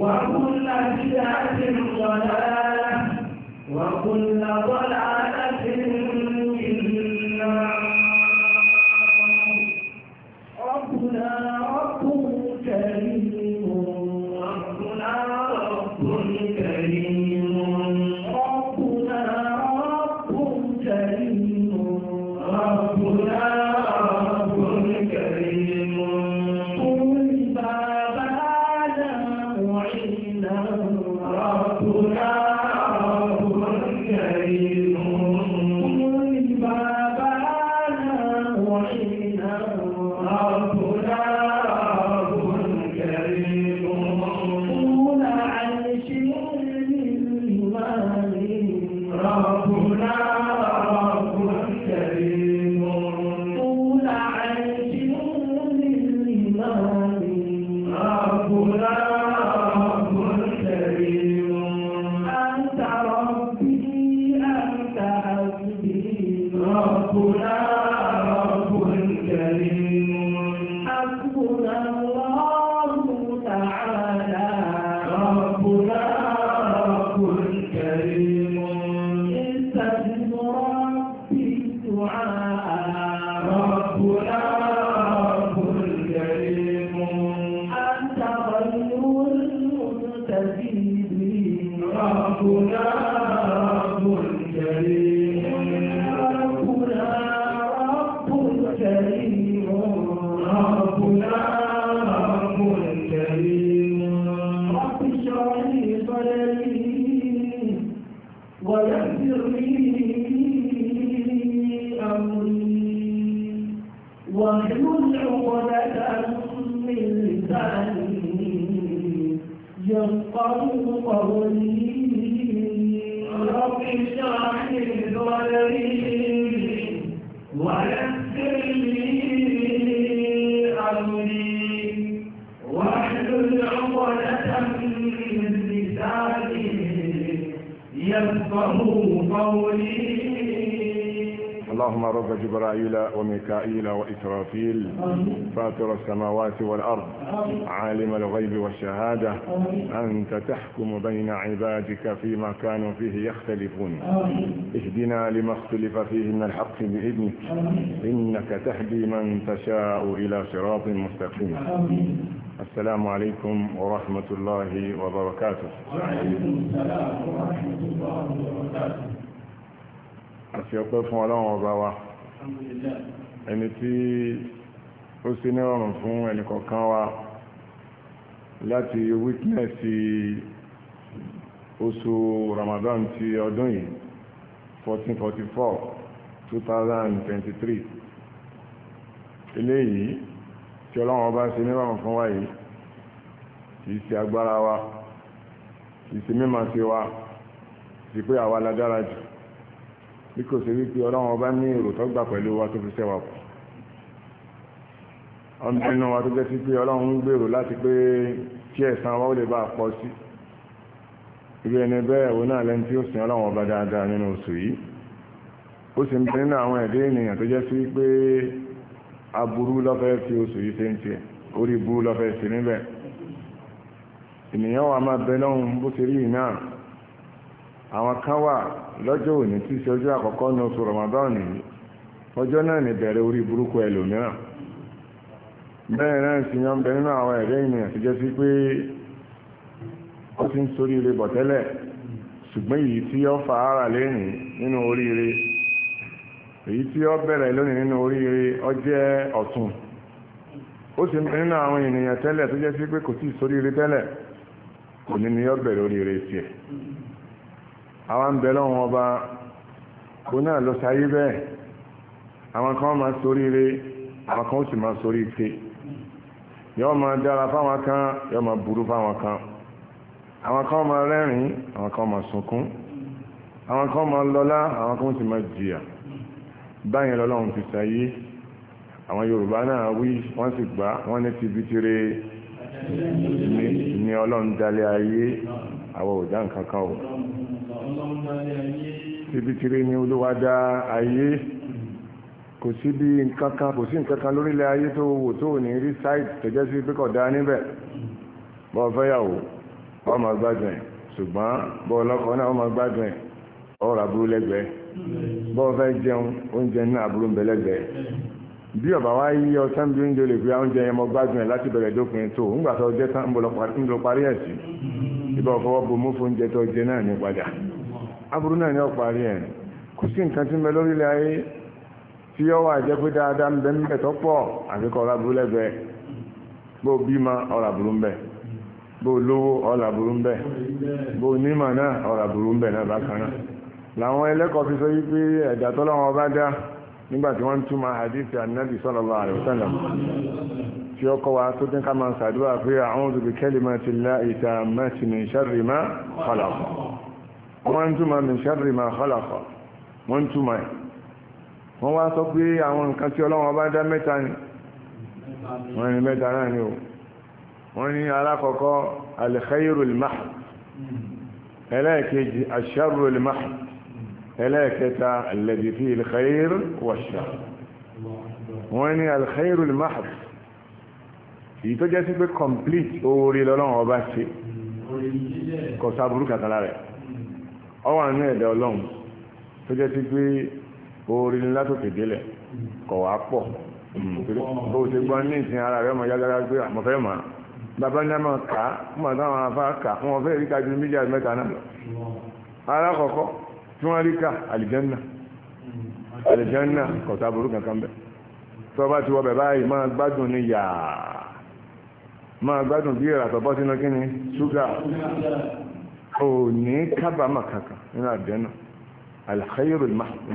وكل بدعة ضلالة وكل ضلالة قولي اللهم رب جبرائيل وميكائيل وإسرافيل فاطر السماوات والأرض عالم الغيب والشهادة أنت تحكم بين عبادك فيما كانوا فيه يختلفون اهدنا لما اختلف فيه من الحق بإذنك إنك تهدي من تشاء إلى صراط مستقيم السلام عليكم ورحمة الله وبركاته وعليكم السلام ورحمة الله وبركاته أسيقف ولو وبوا الحمد لله ẹni tí ó sí ní ọ̀rùn fún ẹnìkọ̀ọ̀kan wa láti wítínẹ̀sì oṣù Ramadan ti ọdún yìí 1444 2023 eléyìí tí ọlọ́run ọba se mímọ̀ fún wa yìí kìí ṣe agbára wa kìí ṣe mímọ̀ sí wa ti pé àwa lágbára jù bí kò ṣe wípé ọlọ́run ọba ní èrò tó gbà pẹ̀lú wa tó fi ṣẹ́wà kù ọmọ inú wa tó jẹ́ sí pé ọlọ́run ń gbèrò láti pé kí ẹ̀san wa ó lè bá a pọ̀ sí ibi ẹni bẹ́ẹ̀ wo náà lẹ́ni tí ó sin ọlọ́run ọba dáadáa nínú oṣù yìí ó sì ń bẹ nínú àwọn ẹ̀dẹ́ ènìyàn tó jẹ́ sí pé aburú lọ́fẹ́ fi oṣù yìí ṣe ń ori orí burú lọ́fẹ́ sí níbẹ̀ ènìyàn wa máa bẹ lọ́hùn bó ṣe rí iná àwọn kan wà lọ́jọ́ òní tí ṣe ọjọ́ àkọ́kọ́ ní oṣù Ramadan nìyí ọjọ́ náà ní bẹ̀rẹ̀ orí burúkú ẹlòmíràn bẹ́ẹ̀ náà sì yan bẹ nínú àwọn ẹ̀rẹ́ ènìyàn ti jẹ́ sí pé ire ṣùgbọ́n tí ó fa ara lẹ́yìn nínú oríire èyí tí ó bẹ̀rẹ̀ lónìí nínú oríire ọjẹ́ ọ̀tún ó sì nínú àwọn ènìyàn tẹ́lẹ̀ tó jẹ́ sí pé kò tí ìsoríire tẹ́lẹ̀ kò ní ni ó bẹ̀rẹ̀ oríire sí ẹ̀ àwọn ń bẹ̀rẹ̀ wọn ọba kó náà lọ sáyé bẹ́ẹ̀ àwọn kan máa soríire àwọn kan ó sì máa sorí ike yọ́ máa dára fáwọn kan yọ́ máa burú fáwọn kan àwọn kan máa rẹ́rìn-ín àwọn kan máa sunkún àwọn kan máa lọ́lá àwọn kan sì máa báyẹn lọ́lọ́run fi sáyé àwọn yorùbá náà wí wọ́n sì gbà wọ́n ní ti bí tiré ní ọlọ́run dalẹ̀ ayé àwọn òjá nǹkan kan ò síbi tiré ní olúwa dá ayé kò sí bí nǹkan kan kò sí nǹkan kan lórílẹ̀ ayé tó wò tó ní rí sáìtì tẹ̀jẹ́ sí pé kódà níbẹ̀ bọ́ fẹ́yàwó ọmọ gbádùn ẹ̀ ṣùgbọ́n bọ́ ọlọ́kọ náà ọmọ gbádùn ẹ̀ ọ̀rọ̀ àbúrú lẹ́gbẹ̀ẹ́ bọ́ọ̀ fẹ́ jẹun oúnjẹ náà àbúrò ń bẹ̀lẹ́gbẹ̀ẹ́ bí ọ̀bà wá yí bụ bí oúnjẹ lè fi oúnjẹ yẹn mọ gbádùn láti bẹ̀rẹ̀ dópin tó ńgbà tó jẹ́ tán ń lọ parí ẹ̀ sí ibà ọ̀fọwọ́ tó jẹ náà ní padà aburú náà ní ẹ̀ kò sí nǹkan tí ń bẹ lórílẹ̀ ayé tí wà jẹ́ pé dáadáa ń bẹ ń bẹ tó pọ̀ àfikọ́ ọ̀rọ̀ lẹ́gbẹ̀ẹ́ bó làwọn ẹlẹ́kọ̀ọ́ fi sọ wípé ẹ̀dà tọ́lọ́wọ́ bá dá nígbà tí wọ́n ń túmọ̀ hadith annabi sallallahu alaihi wasallam tí ó kọ́ wa tó dín ká máa sàdúrà pé a'udhu bi kalimatillahi tammati min sharri ma khalaq wọ́n ń túmọ̀ min sharri ma khalaq wọ́n ń túmọ̀ ẹ̀ àwọn nǹkan tí Ọlọ́run bá dá mẹ́ta ni wọ́n ní mẹ́ta ẹlẹ́ẹ̀kẹta alladhi fihi alkhair wàṣà wọ́n ní alkhairu almahd èyí tó jẹ́ sí pé complete oore lọ́lọ́run ọba ṣe kò sáburú kàtàlá rẹ̀ ọ wà nínú ẹ̀dẹ̀ ọlọ́run tó jẹ́ sí pé oore ńlá tó kéde lẹ̀ kọ̀ wá pọ̀ hmm, bó ṣe gbọ́ ní ìsìn ara rẹ̀ ọmọ yágára pé àmọ́ ah, fẹ́ mọ̀ bàbá ní àmọ́ kà á mọ̀ táwọn afá kà wọ́n fẹ́ rí kájú méjì àti mẹ́ta náà lọ alákọ̀ọ́kọ́ tí wọ́n rí ká àlìjánná àlìjánná kọ̀tà burú kankan bẹ̀ tó bá ti wọ bẹ̀ báyìí máa gbádùn ní yàá máa gbádùn bí ìràtọ̀ bọ́ sínú kí ni ṣúgà ò ní kábàámà kankan nínú àlìjánná alkhairu mahmud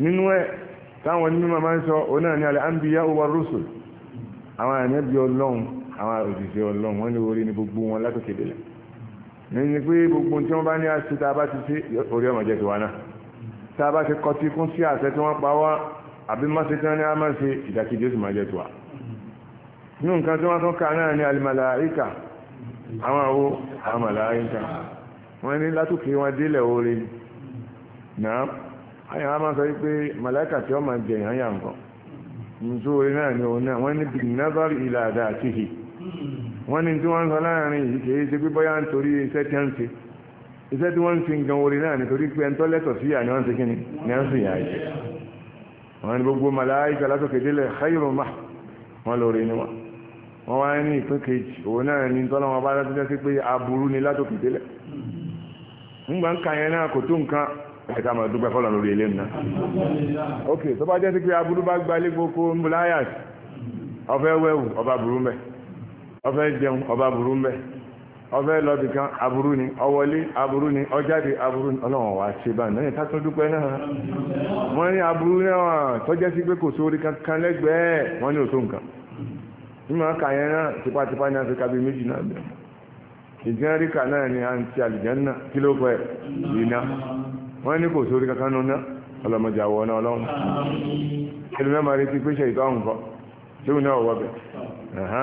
nínú ẹ̀ táwọn onímọ̀ máa ń sọ òun náà ní al-anbiya wa rusul àwọn ànábì ọlọ́run àwọn òṣìṣẹ́ ọlọ́run wọ́n ní ní gbogbo wọn látòkèdè lẹ́yìn ní pé gbogbo tí wọ́n bá ní àṣì tá a bá ti sí orí ọmọ jẹ́ tiwa náà tá a bá ti kọtí kún sí àṣẹ tí wọ́n pa wá àbí mọ́sí tí wọ́n ní a máa ṣe ìdákejì oṣù máa jẹ́ tiwa ní nǹkan tí wọ́n tún ká náà ní alimalaika àwọn àwo amalaika wọ́n ní látòkè wọn délẹ̀ oore náà àyàn á máa sọ pé màláìkà tí wọ́n máa jẹ ìhàn nǹkan nítorí náà ni òun náà wọ́n ní bìnnábàrì ìlà àdá àtìhì wọ́n ní tí wọ́n ń sọ láàrin yìí kìí ṣe pé bóyá nítorí iṣẹ́ tí wọ́n ń ṣe iṣẹ́ tí wọ́n ń ṣe gan orin náà nítorí pé ẹni lẹ́tọ̀ sí yà ni wọ́n ń ṣe kí ni ni wọ́n ń ṣe yà jẹ́ wọ́n ní gbogbo màláìka látòkè délẹ̀ xayiro ma wọ́n lórí ni wọ́n wọ́n wá ní ìpín kejì òun náà ní tọ́lọ́ wọn bá dájọ́ sí pé aburú ni látòkè délẹ̀ ńgbà ń ka yẹn náà kò tó nǹkan ẹ̀ka máa dúpẹ́ fọlọ́ lórí ilé nà ok tó bá jẹ́ sí pé aburú bá gbalé gboko ńbùláyà ọ̀fẹ́ wẹ̀wù ọba burú mẹ́ ọfẹ́ jẹun ọba burú mbe ọfẹ́ kan aburú ni ọwọlé aburú ni ọjáde aburú ni ọlọ́wọ̀n wá ṣe bá náà tátún dúpẹ́ náà wọ́n ní aburú náà tọ́jẹ́ sí pé kò sórí kankan lẹ́gbẹ̀ẹ́ wọ́n ní òtó nǹkan nímọ̀ ká náà tipátipá ní bíi méjì náà bẹ̀rẹ̀ ìjẹ́ríkà náà ni à ń ti kí ló wọ́n ní kò sórí kankan náà ọlọ́mọdé àwọ̀ náà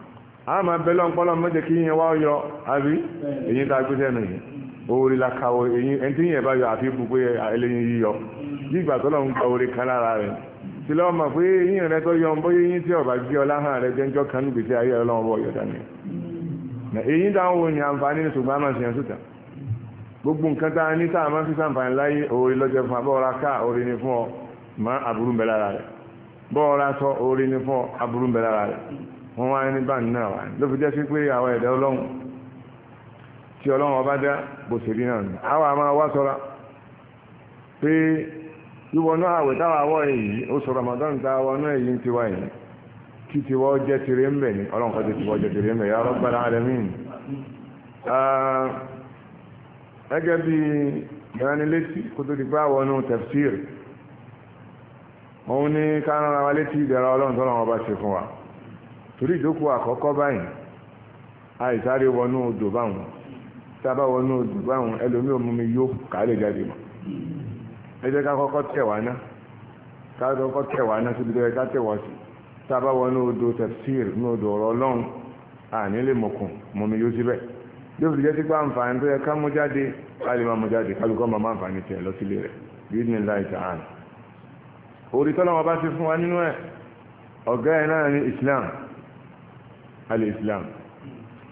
a máa bẹ lọ́npọ́lọ́ mọ́jẹ kí yẹn wá yọ àbí èyí tá a gbé sẹ́nu yìí orí la ka o èyí ẹni tí yẹn bá yọ àfi bu pé ẹlẹ́yin yíyọ nígbà tó lọ́n gba orí kan lára rẹ̀ tí lọ́wọ́ mọ̀ pé yíyan rẹ tó yọ ń bóyá tí ọba gbé ọ láhàn rẹ jẹ́njọ́ kan níbi ayé ọlọ́wọ́ bọ̀ yọ̀dá ni èyí dáhùn wo ni àǹfààní ní ṣùgbọ́n àmọ̀ sí yẹn sùtà gbogbo nǹkan tá a ní tá a máa fi sàǹfààní láyé orí lọ́jọ́ fún abọ́ra ká orí ni fún ọ má aburú ń bẹ lára rẹ̀ bọ́ọ̀ra sọ orí ni fún ọ aburú ń bẹ lára rẹ̀ wọ́n wá ní bá náà wá ló fi jẹ́ sí pé àwọn ẹ̀dá ọlọ́run tí ọlọ́run ọba dá bó ṣe rí náà àwọn àmọ́ wá sọ́ra pé wíwọnú àwẹ̀ táwọn àwọ̀ èyí ó sọ Ramadan tá a wọnú èyí ń tiwa yìí kí tiwọ́ jẹ́ tiré ń bẹ̀ ni ọlọ́run kan ti tiwọ́ jẹ́ tiré ń bẹ̀ ya Rabbal Alamin gẹ́gẹ́ bí ìránnilétí kó tó di pé àwọnú tafsir òun ní ká rán ara wa létí ìdẹ̀ra ọlọ́run tọ́lọ́run ọba ṣe fún wa. torí ìjókòó àkọ́kọ́ báyìí àìsáré wọnú odò báwọn sábà wọnú odò báwọn ẹlòmíì mú mi yó lè jáde mọ́ ẹ jẹ́ ká kọ́kọ́ tẹ̀ wá ná ká kọ́kọ́ tẹ̀ wá ná síbi ká tẹ̀ wá sí sábà wọnú odò tafsir ní odò ọ̀rọ̀ ọlọ́run àní lè mọ̀kùn mú yó fi jẹ́ àǹfààní tó yẹ ká mú jáde ká lè má mú jáde kálukọ́ máa má àǹfààní tiẹ̀ Islam al-islam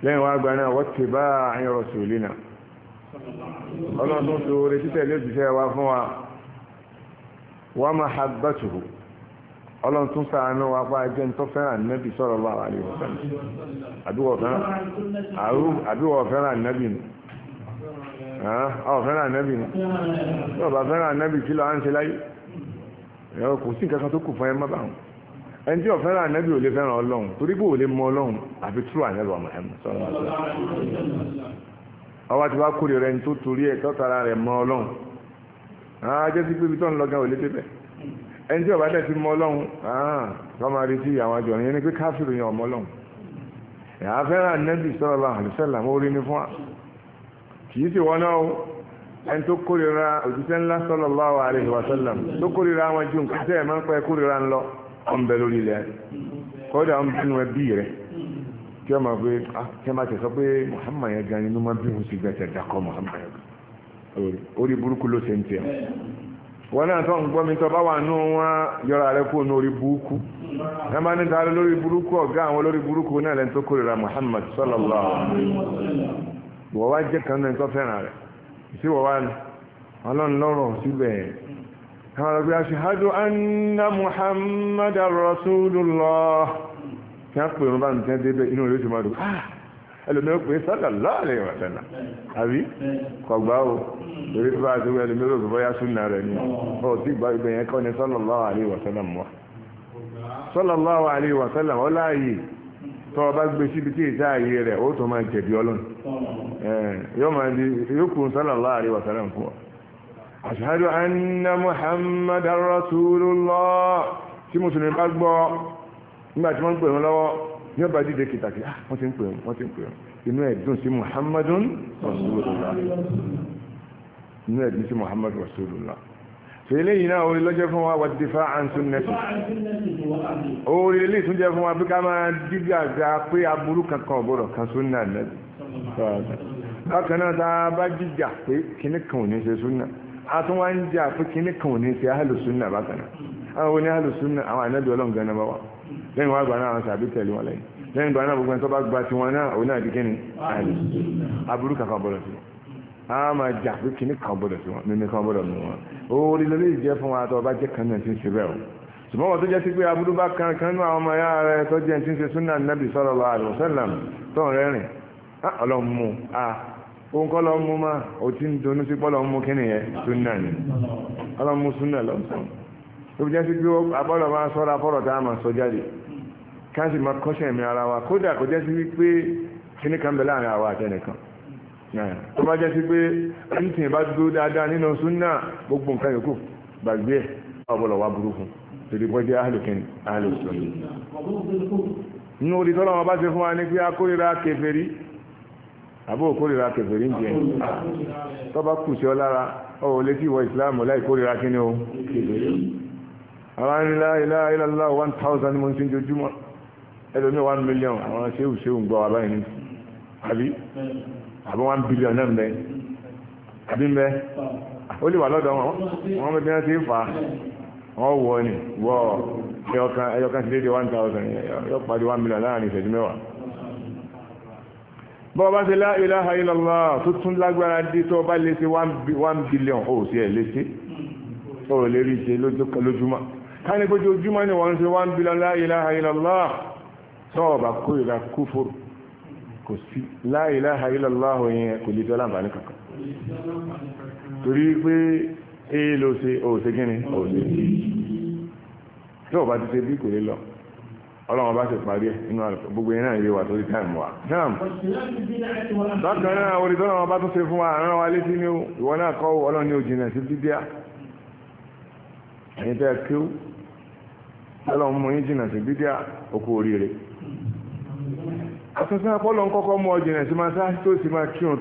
lẹ́yìn wá gbaná wọ́tí bá àyìn rasulina ọlọ́run tó so orí títẹ̀lé òjíṣẹ́ wa fún wa wa mahabbatuhu ọlọ́run tún sàánú wa pa ẹjẹ́ ń tọ́fẹ́ràn nẹ́bì sallallahu alaihi wasallam àbíwọ̀ fẹ́ràn nẹ́bì nù ọ̀ fẹ́ràn nẹ́bì nù tí ọba fẹ́ràn ẹni tí ó fẹ́ràn ànábì ò lè fẹ́ràn ọlọ́run torí pé ò lè mọ ọlọ́run àfi túrò ànábì ọmọ ẹ̀mọ sọ́nà ọwọ́ ti wá kórè rẹ̀ ní tó torí ẹ̀ tọ́tara rẹ̀ mọ ọlọ́run ajẹ́ sí pé ibi tó ń lọ́gán ò lè débẹ̀ ẹni tí ó bá dẹ̀ ti mọ ọlọ́run wọ́n máa retí àwọn àjọ yẹn ni pé káfíìrì yẹn ọmọ ọlọ́run ẹ̀yà fẹ́ràn ànábì ẹni tó kórìíra òjíṣẹ́ ńlá sallallahu alaihi wasallam tó kórìíra àwọn ju nǹkan tẹ́ ẹ̀ máa ń pẹ́ kórìíra ńlọ ọ̀nbẹ lórí ilẹ̀ kọ́dà ọ̀nbẹ nínú ẹbí rẹ̀ kí ọmọ pé ah, kí ọmọ tẹ̀sọ́ pé Muhammad yẹn gan inú máa bí wọn sì gbẹ̀tẹ̀ dàkọ́ Muhammad yẹn orí burúkú ló ṣe ń tẹ̀ wọn náà tó ń gbọ́ mi tó bá wà nù wọn yọra rẹ kó ní orí burúkú ẹ máa ní ta lórí burúkú ọ̀gá àwọn lórí burúkú náà lẹ́nu tó kórìíra Muhammad wọ́n wá jẹ́ kan náà tó fẹ́ràn rẹ̀ wá ọlọ́run lọ́rọ̀ síbẹ̀ àwọn ọ̀rọ̀ pé ashhadu anna muhammadar rasulullah kí á pè wọn bá nìkan débẹ̀ inú rẹ̀ ó ti máa dùn ah, ẹlòmí ó pè é sọ́dà lọ́ọ̀lẹ́ ìwàsánà àbí kọ̀gbá o torí bá a tọ́ ọba gbé síbi tí ìta ààyè rẹ̀ ó tó máa jẹ̀bi ọlọ́run yóò kún sallallahu alaihi wasallam fún ọ ashhadu anna muhammadar rasulullah tí mùsùlùmí bá gbọ́ nígbà tí wọ́n ń pè wọn lọ́wọ́ ní ọba dídé kìtàkì ah, wọ́n ti ń pè wọn wọ́n ti ń pè wọn inú ẹ̀dùn sí muhammadun rasulullah inú ẹ̀dùn sí muhammadun rasulullah fèlè yìí náà orí lọ́jọ́ fún wa wà dífà àǹtún nẹ́sì orí ilé ìtúnjẹ́ fún wa bí ká máa dígàgà pé aburú kankan ọ̀bọ̀rọ̀ kan súnà nẹ́sì bákan náà tá bá jíjà pé kíní ò ní ṣe súnà a tún wá ń jà fún kíní kan òní sí ahàlùsúnnà bákan náà àwọn oní ahàlùsúnnà àwọn ànábì ọlọ́run gan náà wà lẹ́yìn wá gbà náà àwọn sàbí tẹ̀lé wọn lẹ́yìn lẹ́yìn gbà náà gbogbo ẹni tó bá gba tiwọn náà òun náà di kíni ahàlùsúnnà aburú kankan bọ̀dọ̀ sí wọn a máa jà fún kíní kan bọ̀dọ̀ sí wọn mímí kan bọ̀dọ̀ mú wọn orí lórí ìjẹ́ fún wa tó bá jẹ́ kan náà ti ń o ṣùgbọ́n wọ́n tó jẹ́ sí pé aburú bá kan kan nú àwọn ọmọ ya rẹ̀ tó jẹ́ ti ń ṣe súnà sallallahu alaihi wasallam tó rẹ́rìn ah, ọlọ́run mú a ah, òun kọ́ lọ mú máa ò tí ń donú sí pọ́lọ mú kí nìyẹn súnà ni ọlọ́mú súnà lọ́sàn tó bí sí pé abọ́lọ̀ máa sọ́ra fọ́rọ̀ tá a máa sọ jáde ká sì máa kọ́ṣẹ́ mi ara wa kódà kò jẹ́ sí wípé kíní kan bẹ láàrin àwa àtẹnìkan tó bá jẹ́ sí pé ẹnìtì bá dúró dáadáa nínú súnà gbogbo nǹkan yòókù gbàgbé ẹ̀ ọ̀bọ̀lọ̀ wa burúkú torí bọ́ jẹ́ ahàlùkẹ́ni fún wa ní pé akórira kèfèrí àbó òkórìíra kẹfẹ̀rí ń jẹ tó bá kù sí ọ lára ọ̀wọ̀ létí ìwọ ìsìláàmù láì kórìíra kí ni ó àwọn ilá ilá ilá one thousand mo ti ń jojúmọ́ ẹlòmí one million àwọn ṣéwù ṣéwù ń gbọ́ wa báyìí ní àbí àbí one billion náà ń bẹ àbí ń bẹ ó lè wà lọ́dọ̀ wọn wọn bẹ bí wọ́n ti fà á wọ́n wọ̀ ni wọ́ ẹyọkan ẹyọkan ti dé de one thousand yọ million láàrin ìṣẹ́jú mẹ́wàá bọ́ bá ṣe la ilaha illallah tó tún lágbára dé tó bá lé sí one billion ó sì ẹ̀ lé sí ó lè rí ṣe lójúmọ́ ká ní gbójú ojúmọ́ ni wọ́n ṣe one billion la ilaha illallah sọ́ọ̀bà kó ìlà kúfòrò kò sí la ilaha illallah yẹn kò lè dọ́là àǹfààní kankan torí pé èèlò ṣe òṣègínní òṣègínní tó ọlọ́run bá ti parí ẹ̀ inú gbogbo iná ìlú wa torí táìmù wa. bákan náà orí tó náà bá tún ṣe fún wa àrán wa létí ní ìwọ náà kọ́ ọlọ́run ní òjìnà sí bíbíà ẹ̀yin tẹ́ kí ó mú yín jìnà sí bíbíà okú oríire. ń kọ́kọ́ mú sí máa sáà tó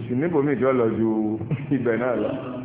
sì máa tó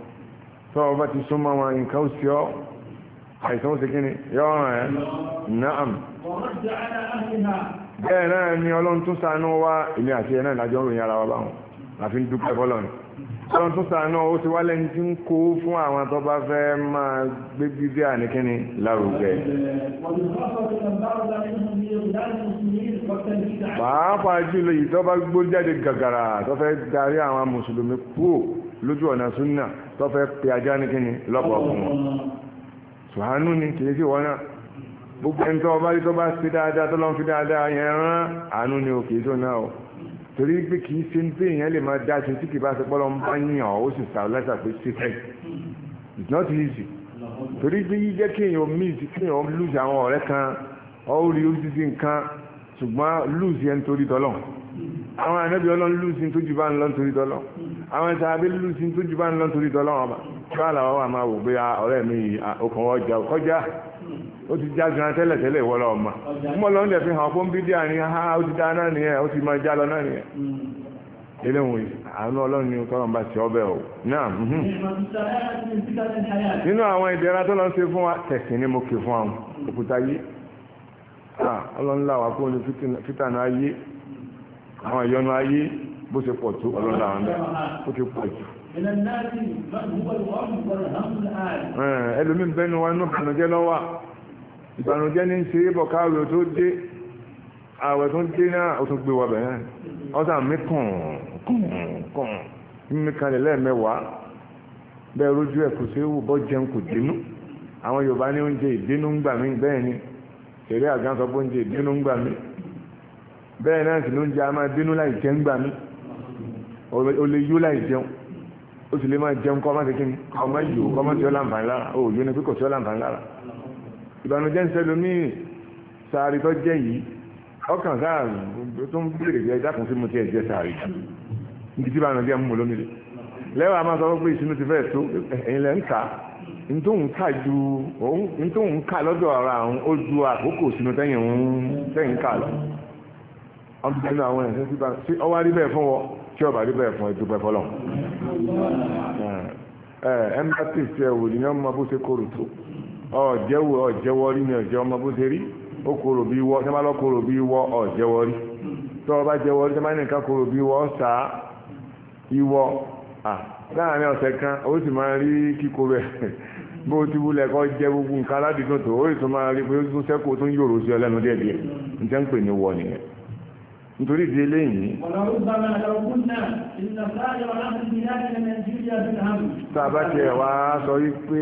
tó ọba ti súnmọ́ wọn nǹkan sí ọ àìsàn sí kíni yọ ọ̀ràn ẹ̀ náà bẹ́ẹ̀ náà ni ọlọ́run tún ṣàánú wá ilé àti ẹ̀ náà lájọ́ ń ròyìn ara wa báwọn àfi ń dúpẹ́ fọlọ́ni ọlọ́run tún ṣàánú ó ti wá lẹ́ni tí ń kó fún àwọn tó bá fẹ́ máa gbé bíbí àníkíni lárugẹ. pàápàá jùlọ yìí tó bá gbó jáde gàgàrà tó fẹ́ darí àwọn mùsùlùmí kúrò lójú ọ̀nà súnà tó fẹ́ pe ajá ní kíni lọ́pọ̀ fún wọn ṣùhánú ni kìí sí wọn náà gbogbo ẹni tó ọba rí tó bá sí dáadáa tó lọ́n fi dáadáa yẹn rán àánú ni ò kìí tó náà o torí pé kìí ṣe ń pé èèyàn lè máa dá ṣe tí kìí bá ṣe pọ́lọ́ ń bá yàn ó sì sà lẹ́sà pé ṣe fẹ́ it's not easy torí pé yíjẹ́ kéèyàn miss kéèyàn lose àwọn ọ̀rẹ́ kan ó rí oríṣiríṣi nǹkan ṣùgbọ́n lose yẹn torí tọ́lọ́run àwọn ànábì ọlọ́run lùsìn tó jù bá ń lọ nítorí tọ́lọ́ àwọn ìsàbí lùsìn tó jù bá ń lọ nítorí tọ́lọ́ ọba tó àlàwọ̀ wà máa wò pé ah, ọ̀rẹ́ mi ah, okùn ọjà kọjá ó ti já gan tẹ́lẹ̀ tẹ́lẹ̀ ìwọ́lọ́ ọmọ mọ́ lọ́n dẹ̀ fi hàn fún bídí àárín ha ah, ó ti dá náà nìyẹn ó ti máa já lọ náà nìyẹn hmm. eléwọ̀n àánú ọlọ́run ni tọ́lọ́n bá ti ọbẹ̀ ò náà mhm. nínú àwọn ìdẹ̀ra tọ́lọ́n ṣe fún wa tẹ̀sìn ni mo kè fún àwọn òkúta yé ọlọ́run láwàá kó ní fítànà ayé àwọn ìyọnu ayé bó ṣe pọ̀ tó ọlọ́dà àwọn bẹ́ẹ̀ ó ti pọ̀ jù. ẹlòmí bẹnu wa inú ìbànújẹ́ lọ́wọ́ ìbànújẹ́ ní ṣe é bọ̀ káàrò tó dé ààwẹ̀ tó dé náà ó tún gbé wa bẹ̀rẹ̀ ọ̀sán mi kàn kàn kàn mímí kalẹ̀ lẹ́ẹ̀mẹ́wàá bẹ́ẹ̀ rójú ẹ̀ kò ṣeé wù bọ́ jẹun kò dénú àwọn Yorùbá ní oúnjẹ ìdénú ń gbà mí bẹ́ẹ̀ ni ṣeré àgbà sọ pé oúnjẹ ìdénú ń gbà mí bẹ́ẹ̀ náà sì ló ń jẹ a máa bínú láì jẹun gbà mí o lè yó láì jẹun o sì lè máa jẹun kọ́ máa tẹ́kí kọ́ máa yò kọ́ máa tí ó láǹfààní lára o yóò ní pé kò tí ó láǹfààní lára ìbànújẹ́ ń sẹ́lu mí sàárì tó jẹ́ yìí ọkàn sáà tó ń bèrè jẹ́ ìdákùn sí mo ti ẹ̀jẹ̀ sàárì níbi tí ìbànújẹ́ ń mú lómi rẹ̀ lẹ́wọ̀ a máa sọ pé ìsinú ti fẹ́ tó ẹ̀yìn lẹ́ ń ta ntóhun ká ju ntóhun ká lọ́dọ̀ ara àwọn ó ju àkókò ọdún tẹ́lẹ̀ àwọn ẹ̀sẹ̀ sí báyìí sí ọwọ́ rí bẹ́ẹ̀ fún wọ tí ọba rí bẹ́ẹ̀ fún ẹ dúpẹ́ fọlọ́ ẹ̀ẹ́dẹ́gbẹ́sì ẹ̀ wò ní ọmọ bó ṣe kóró tó ọ̀jẹ̀wò ọ̀jẹ̀wọ́ rí ni ọ̀jẹ̀ ọmọ bó ṣe rí ó kóró bí wọ́ sẹ́má lọ́ kóró bí wọ́ ọ̀jẹ̀wọ́ rí tó ọba jẹ́wọ́ rí sẹ́má nìkan kóró bí wọ́ sá ìwọ́ láàrin ọ̀sẹ̀ kan ó sì máa rí kíkó bẹ́ẹ̀ bó ti wúlẹ̀ kọ́ jẹ́ gbogbo nǹkan aládìgbò tó ó sì máa rí pé ó tún sẹ́kù tó ń yòrò sí ọlẹ́nu díẹ̀díẹ̀ ní ń pè ní wọ́ nìyẹn nítorí ìdí eléyìí tàbá tí sọ wípé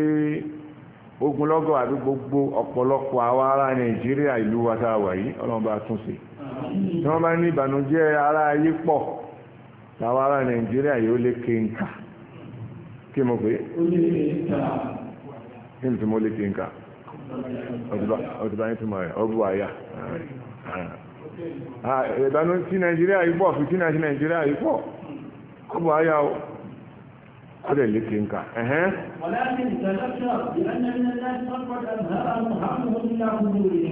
ogunlọ́gọ̀ àbí gbogbo ọ̀pọ̀lọpọ̀ àwọn ará Nàìjíríà ìlú wa tá wà yìí Ọlọ́run bá tí wọ́n bá ní ìbànújẹ́ ayé pọ̀ ará Nàìjíríà yóò lé kí mo pé kí tí mo lé tí mo rẹ̀ Ah, ìbánú tí nàìjíríà yìí pọ̀ fìtínà sí nàìjíríà yìí pọ̀ ó bọ̀ ayá o ó lè lè kéńkà ẹ̀hẹ́n.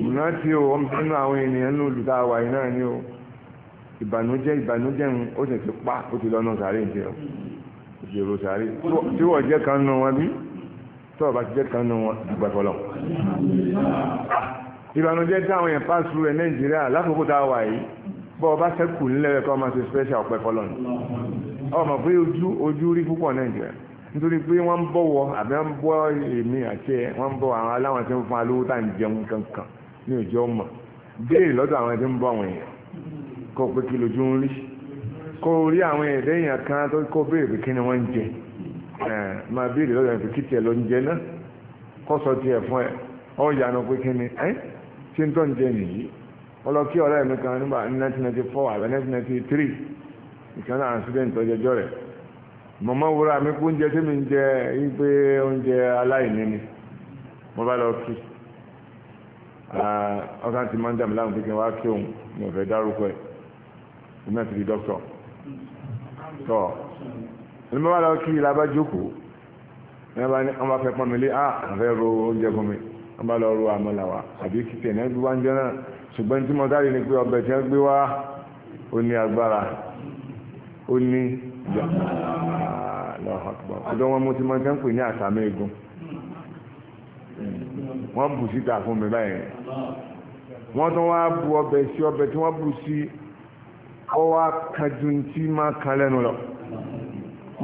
múná tí o wọ́n nínú àwọn ènìyàn ní olùdáwà yìí náà ni o ìbànújẹ́ ìbànújẹ́ ń ó sì ti pa ó ti lọ́nà sàárè ń jẹ o ìṣòro sàárè tí wọ́n jẹ́ kan nù wọn bí tọ́ọ̀ bá ti jẹ́ kan nù wọn ìgbàfọ́lọ́ ìbànújẹ́ táwọn yẹn pass through rẹ̀ nàìjíríà lákòókò tá a wà yìí bọ́ ọba sẹ́kù nílẹ̀ kọ́ máa ṣe special ọ̀pẹ fọlọ́nù ọmọ pé ojú ojú rí púpọ̀ nàìjíríà nítorí pé wọ́n ń bọ̀wọ̀ àbí wọ́n ń bọ́ èmi àti ẹ̀ wọ́n ń bọ̀ àwọn aláwọ̀n tí ń fún alówó tá à ń jẹun kankan ní òjò ọmọ béèrè lọ́dọ̀ àwọn tí ń bọ̀ àwọn èèyàn kó pé kí lójú ń rí kó rí àwọn ẹ̀dẹ́ èèyàn kan tó kó béèrè pé kí ni wọ́n ń jẹ máa béèrè lọ́dọ̀ àwọn pé kí tiẹ̀ ló ń jẹ náà kó sọ tiẹ̀ fún ẹ ọ̀ yànnà pé kí ni ẹ́ tí Jenny, tọ́ ń jẹ nìyí ọ̀rẹ́ mi kan nígbà 1994 àbẹ̀ 1993 ìkan náà accident ọjọ́jọ́ rẹ̀ mọ̀mọ́ wúra mi kú oúnjẹ tí mi ń jẹ wípé oúnjẹ aláìní ni mo bá lọ kí ọ̀gá ti máa ń dàmí láwọn pínpín wá kí òun mi ò dárúkọ ẹ̀ mo mẹ́ ti di tọ́ ẹni mo bá lọ kí ìlà bá jókòó ẹni wọ́n bá fẹ́ pọ́n mi lé ah àfẹ́ ro oúnjẹ fún mi wọ́n bá lọ ro àmàlà wa àbí kìtẹ̀ náà gbé wá ń jẹ́nà ṣùgbọ́n tí mo dárí ni pé ọbẹ̀ tí wọ́n gbé wá ó ní agbára ó ní ọjọ́ wọn mo ti mọ tẹ́ ń pè ní àsàmì egun wọ́n bù síta fún mi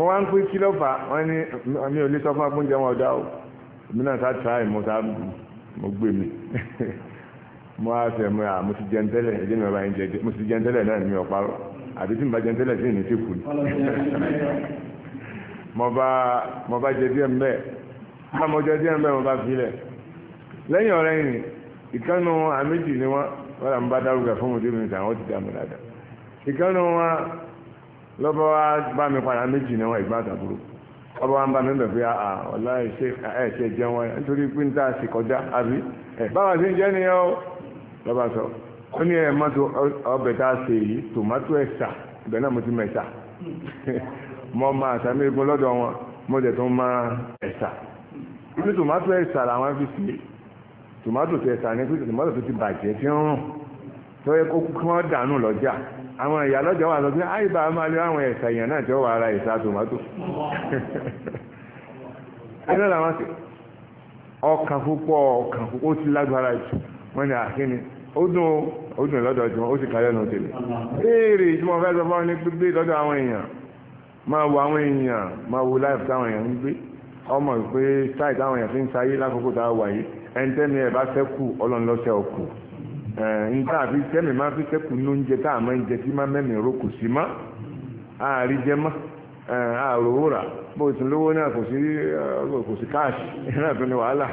wá ń pè kí lọ́fà wọ́n ní mi ò sọ fún agbóúnjẹ wọn ọ̀dà o èmi náà sá tíráì mo mo gbé mi mo á fẹ́ mo à mo ti jẹun tẹ́lẹ̀ mi ọba yẹn jẹ mo ti jẹun náà ni mi ò parọ́ àbí tí mo bá jẹun tẹ́lẹ̀ sí ìní tí kù ni mo bá mo bá jẹ díẹ̀ mbẹ́ bá mo jẹ díẹ̀ mbẹ́ mo bá filẹ̀ lẹ́yìn ọ̀rẹ́ yìí ìkànnù àméjì ni wọ́n wọ́n là ń bá dárúgà fún mi débi nìkan wọ́n ti dá mi dáadáa ìkànnù wọn lọ́bọ̀ wá bá mi padà méjì ni wọ́n ìgbà àtàbúrò ọba wa ń bá mi bẹ̀ pé àà ọ̀la ẹ̀ṣẹ̀ jẹun wọn nítorí pé níta sì kọjá àbí ẹ̀ báwa sí ń jẹ́ nìyẹn o lọ́ba sọ ó ní ẹ̀ eh, mọ́tò ọbẹ̀ tá a ṣe yìí tòmátò ẹ̀ṣà ibẹ̀ náà mo ti mẹ̀ṣà mo máa ṣàmì egun lọ́dọ̀ wọn mo dẹ̀ tún máa ẹ̀ṣà ní tòmátò ẹ̀ṣà làwọn fi ṣe tòmátò tẹ̀ṣà ní pé tòmátò tó ti bàjẹ́ ti ń rùn tó yẹ kó kí dànù lọ́jà àwọn ìyá lọ́jọ́ wà lọ́jọ́ àìbá máa lé àwọn ẹ̀sà èèyàn náà jọ wà ara ẹ̀sà tòmátò ẹ̀rọ làwọn sì ọkàn púpọ̀ ọkàn púpọ̀ ó ti lágbára jù wọ́n ní àkíní ó dùn ó dùn lọ́dọ̀ jù ó sì kálẹ̀ nù tèlè béèrè tí wọ́n fẹ́ sọ fún ọ ní gbígbé lọ́dọ̀ àwọn èèyàn máa wo àwọn èèyàn máa wo láìpẹ́ táwọn èèyàn ń gbé ọmọ ìpè táì táwọn èèyàn fi ń sayé lákòókò tá wà yìí ẹni tẹ́ni ẹ̀ bá fẹ́ kù ọlọ́run lọ́sẹ̀ ọkù Eh, nta fi tẹ́mi ma fi sẹ́kù ní oúnjẹ tá a máa ń jẹ tí ma mẹ́mì ro kò sí mọ́ àárí jẹ mọ́ àròwó bó lówó kò sí kò sí káàsì tó ní wàhálà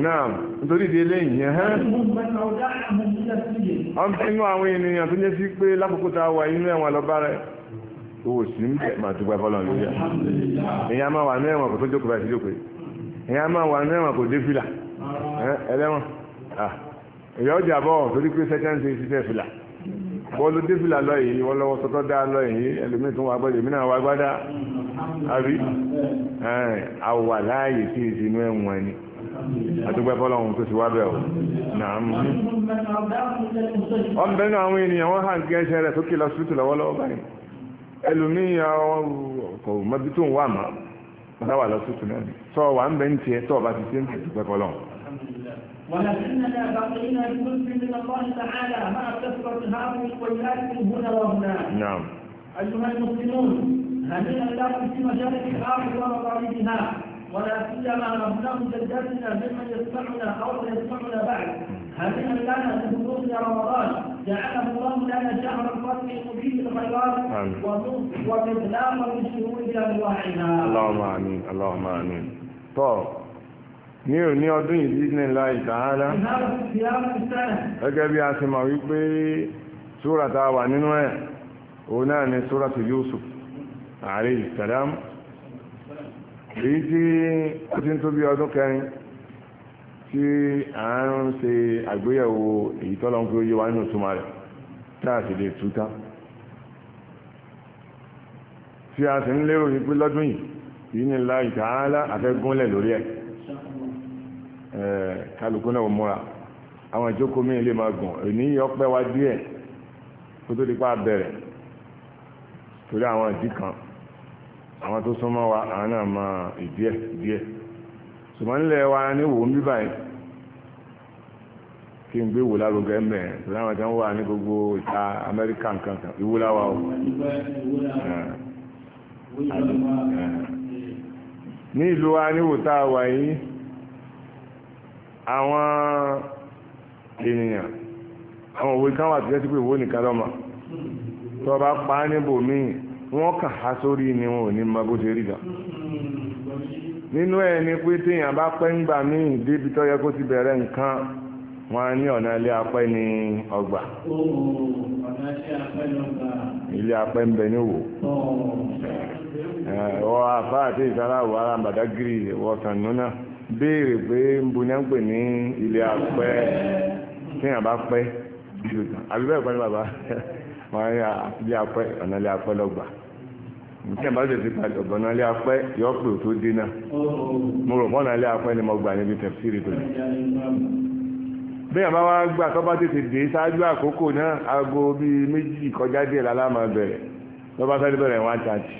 náà nítorí ìdí eléyìí ẹ̀hán. ọ̀n bínú àwọn ènìyàn tó ń jẹ́ sí pé lákòókò a wà inú owó ń èyí ọjà bọ̀ torí pé sẹ́kẹ́ǹsì ṣiṣẹ́ fìlà bọ́ọ̀lù dé fìlà lọ yìí wọ́n lọ́wọ́ sọ́tọ́ dá lọ yìí ẹlòmíì tún wà gbọ́dọ̀ èmi náà wà gbádá àbí àwà láàyè sí ìsinú ẹ̀wọ̀n ẹni àtúgbẹ́ fọ́lọ́hun tó ti wá bẹ̀ ọ̀ náà mú ọmọ bẹ́ẹ̀ náà àwọn ènìyàn wọ́n ولكننا باقينا بلطف من الله تعالى مع كثرة هذه الولايات من هنا وهناك. نعم. أيها المسلمون هنيئا لكم في مجال الشعار ومطالبها ولا سيما مبلغ جدتنا ممن يسمعنا او لا يسمعنا بعد هنيئا لنا بحضور رمضان جعله الله لنا شهر الفضل مبين الخيرات ومظلاما من شرور انواعها اللهم امين اللهم امين طيب. ní òní ọdún yìí ní ìlà ìtàhálà gẹ́gẹ́ bí a ti mọ̀ wípé súra ta wà nínú ẹ̀ òun náà ni súra ti Yusuf alayhi salam èyí tí ó ti ń tó bí ọdún kẹrin tí a ń ṣe àgbéyẹ̀wò èyí tọ́lọ́ ń fi oyé wa nínú sì ń lérò wípé lọ́dún yìí ní ìlà ìtàhálà afẹ́gúnlẹ̀ lórí ẹ̀ Eh, kálukú náà àwọn mi lè gùn èmi yọ wa wá díẹ̀ kó tó di pa bẹ̀rẹ̀ torí àwọn ìdí kan àwọn tó súnmọ́ wa àwọn náà ìdíẹ̀ díẹ̀ ṣùgbọ́n nílẹ̀ wa ní wò ń bí báyìí kí n gbé wò lárugẹ tó tí wà ní gbogbo ìta Amẹ́ríkà nǹkan kan ìwò eh. ní ìlú wa ní wò yìí. àwọn ènìyàn àwọn òwe kan wà tí wọ́n ti pè wó nìkan lọ́mọ tó bá pa á níbò míì wọ́n kàn á sórí ni wọn ò ní mọ bó ṣe rí gan nínú ẹ̀ ni pé téèyàn bá pẹ́ ń gbà míì débi tó yẹ kó ti bẹ̀rẹ̀ nǹkan wọ́n ní ọ̀nà ilé apẹ́ ní ọgbà ilé apẹ́ ń bẹ ní wò ọ̀ àfáà tí ìsára wà gírí ìwọ̀sàn náà béèrè pé ń buná pè ní ilé apẹ́ tí yàn bá pẹ́ bílò tán àbí bẹ́ẹ̀ pẹ́ ní bàbá wọn ní ilé apẹ́ ọ̀nà ilé apẹ́ lọ́gbà tí yàn bá tẹ̀ sí padà ọ̀nà ilé apẹ́ yọ pé ò tó dé náà mo rò mọ́nà ilé apẹ́ ni mo gbà níbi tẹ̀síìrì tó yẹ bí àbá wa gbà tó bá tètè dé ṣáájú àkókò náà aago bíi méjì kọjá díẹ̀ lálámà bẹ̀rẹ̀ tó bá sáré bẹ̀rẹ̀ wọn á tàjì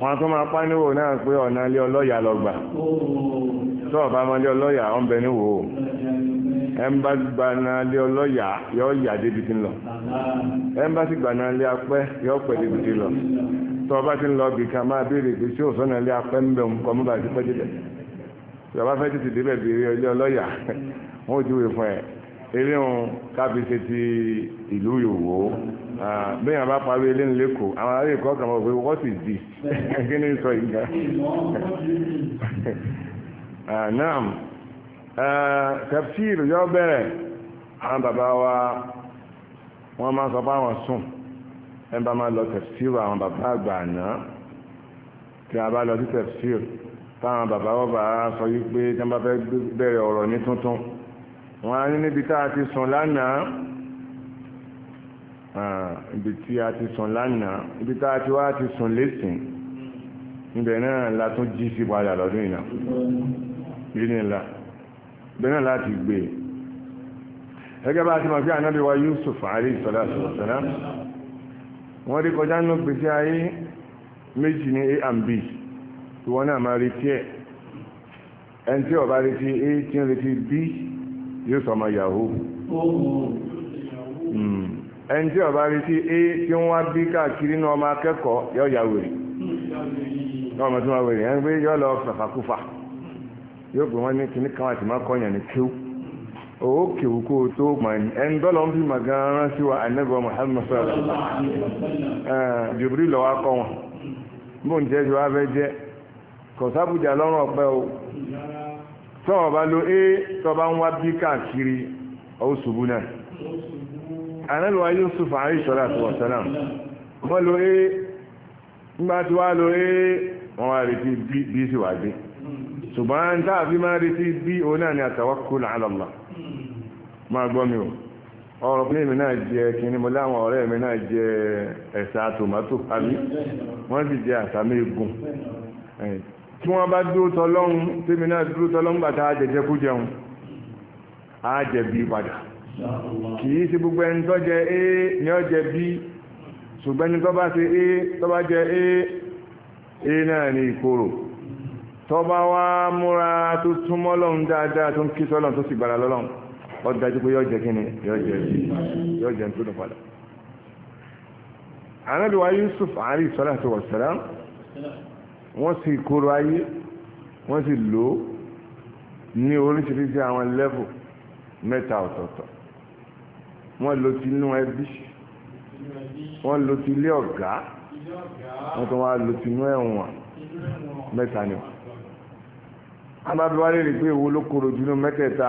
wọn tó máa pa níwò náà pé ọ̀nà ilé ọlọ́yà lọ́gbà tó ọ̀bá máa lé ọlọ́yà bẹ lé ọlọ́yà yọ yà débi lọ gba lé apẹ́ yọ pẹ́ débi ti lọ tó ọba ti ń lọ bìkan máa béèrè pé tí lé apẹ́ ń bẹ òun kọ́ mọ́bà sí tí ilé ọlọ́yà ò ti wè fún eléhùn kábi ṣe ti ìlú yòówó bẹ́ẹ̀ yàrá bá parí eléhùn lẹ́kọ̀ọ́ àwọn ará èkó kan mọ̀ pé wọ́n sì di kí ni sọ ìgbà. naam tafsir yọ bẹ̀rẹ̀ àwọn bàbá wa wọ́n máa sọ fáwọn sùn ẹ bá máa lọ tafsir àwọn bàbá àgbà àná tí a bá lọ sí tafsir táwọn bàbá wọ́n bá sọ yí pé tí wọ́n bá fẹ́ bẹ̀rẹ̀ ọ̀rọ̀ ní tuntun wọ́n á ní níbi tá a ti sùn lánàá ibi tí a ti sùn lánàá ibi tá a ti wá ti sùn lẹ́sìn níbẹ̀ náà la tún jí sí padà lọ́dún ìná ìrìnlá ibẹ̀ náà láti gbé gẹ́gẹ́ bá ti mọ̀ pé ànábì wa Yusuf alayhi salatu wa salam wọ́n rí kọjá nínú gbèsè ayé méjì ní a and b náà máa retí ẹ̀ ẹni tí ó retí a tí ń retí b yóò sọ ọmọ yahoo hmm. ẹni tí ọba rí sí a tí wọ́n wá bí káàkiri náà ọmọ akẹ́kọ̀ọ́ yóò ya wèrè náà ọmọ tí wọ́n wèrè ẹni pé yóò lọ fàfàkúfà yóò pè wọ́n ní kíní kan àti má kọ́yàn ní kíw owó kíw kó o tó mọ̀ ní ẹni dọ́là ń fi mà gan rán sí wa anẹ́gbọ́ Muhammad sọ̀rọ̀ jùbírí lọ́wọ́ akọ wọn bóun jẹ́ ju abẹ́ jẹ́ kọ̀sábùjà lọ́rùn ọ̀pẹ́ o. tọ́ọ̀ bá lo a tọ́ ń wá bí káàkiri ọ̀ṣùgbù náà análuwa Yusuf alayhi salatu wa salam wọ́n a nígbà tí wá lo a wọ́n wá retí b sí wà dé ṣùgbọ́n tá a fi máa retí b òun náà ni àtawakkul ala máa gbọ́ mi o ọ̀rọ̀ pé èmi náà jẹ kíní mo láwọn ọ̀rẹ́ náà jẹ ẹ̀sà tòmátò wọ́n sì jẹ tí wọ́n bá dúró tọ́lọ́run tèmi náà dúró tọ́lọ́run bàtà àjẹjẹ kú jẹun àjẹbí padà kìí ṣe gbogbo ẹni tó jẹ é ní ó bí ṣùgbọ́n tó bá ṣe é tó bá jẹ é é náà ní ìkorò tó bá wá múra tó súnmọ́ lọ́run dáadáa tó ń kí sọ́lọ́run tó sì gbàrà lọ́lọ́run ó dájú pé yóò jẹ kí ni yóò bí yóò tó dùn padà. ànábì wa Yusuf alayhi salatu wa salam wọ́n sì kóró ayé wọ́n sì lò ó ní oríṣiríṣi àwọn lẹ́vù mẹ́ta ọ̀tọ̀ọ̀tọ̀ wọ́n lo ti inú ẹbí wọ́n lo ti ilé ọ̀gá wọ́n tó wá lo ti inú ẹ̀wọ̀n mẹ́ta ni wọ́n abábí wá lérè pé èwo ló kóró jù mẹ́tẹ̀ẹ̀ta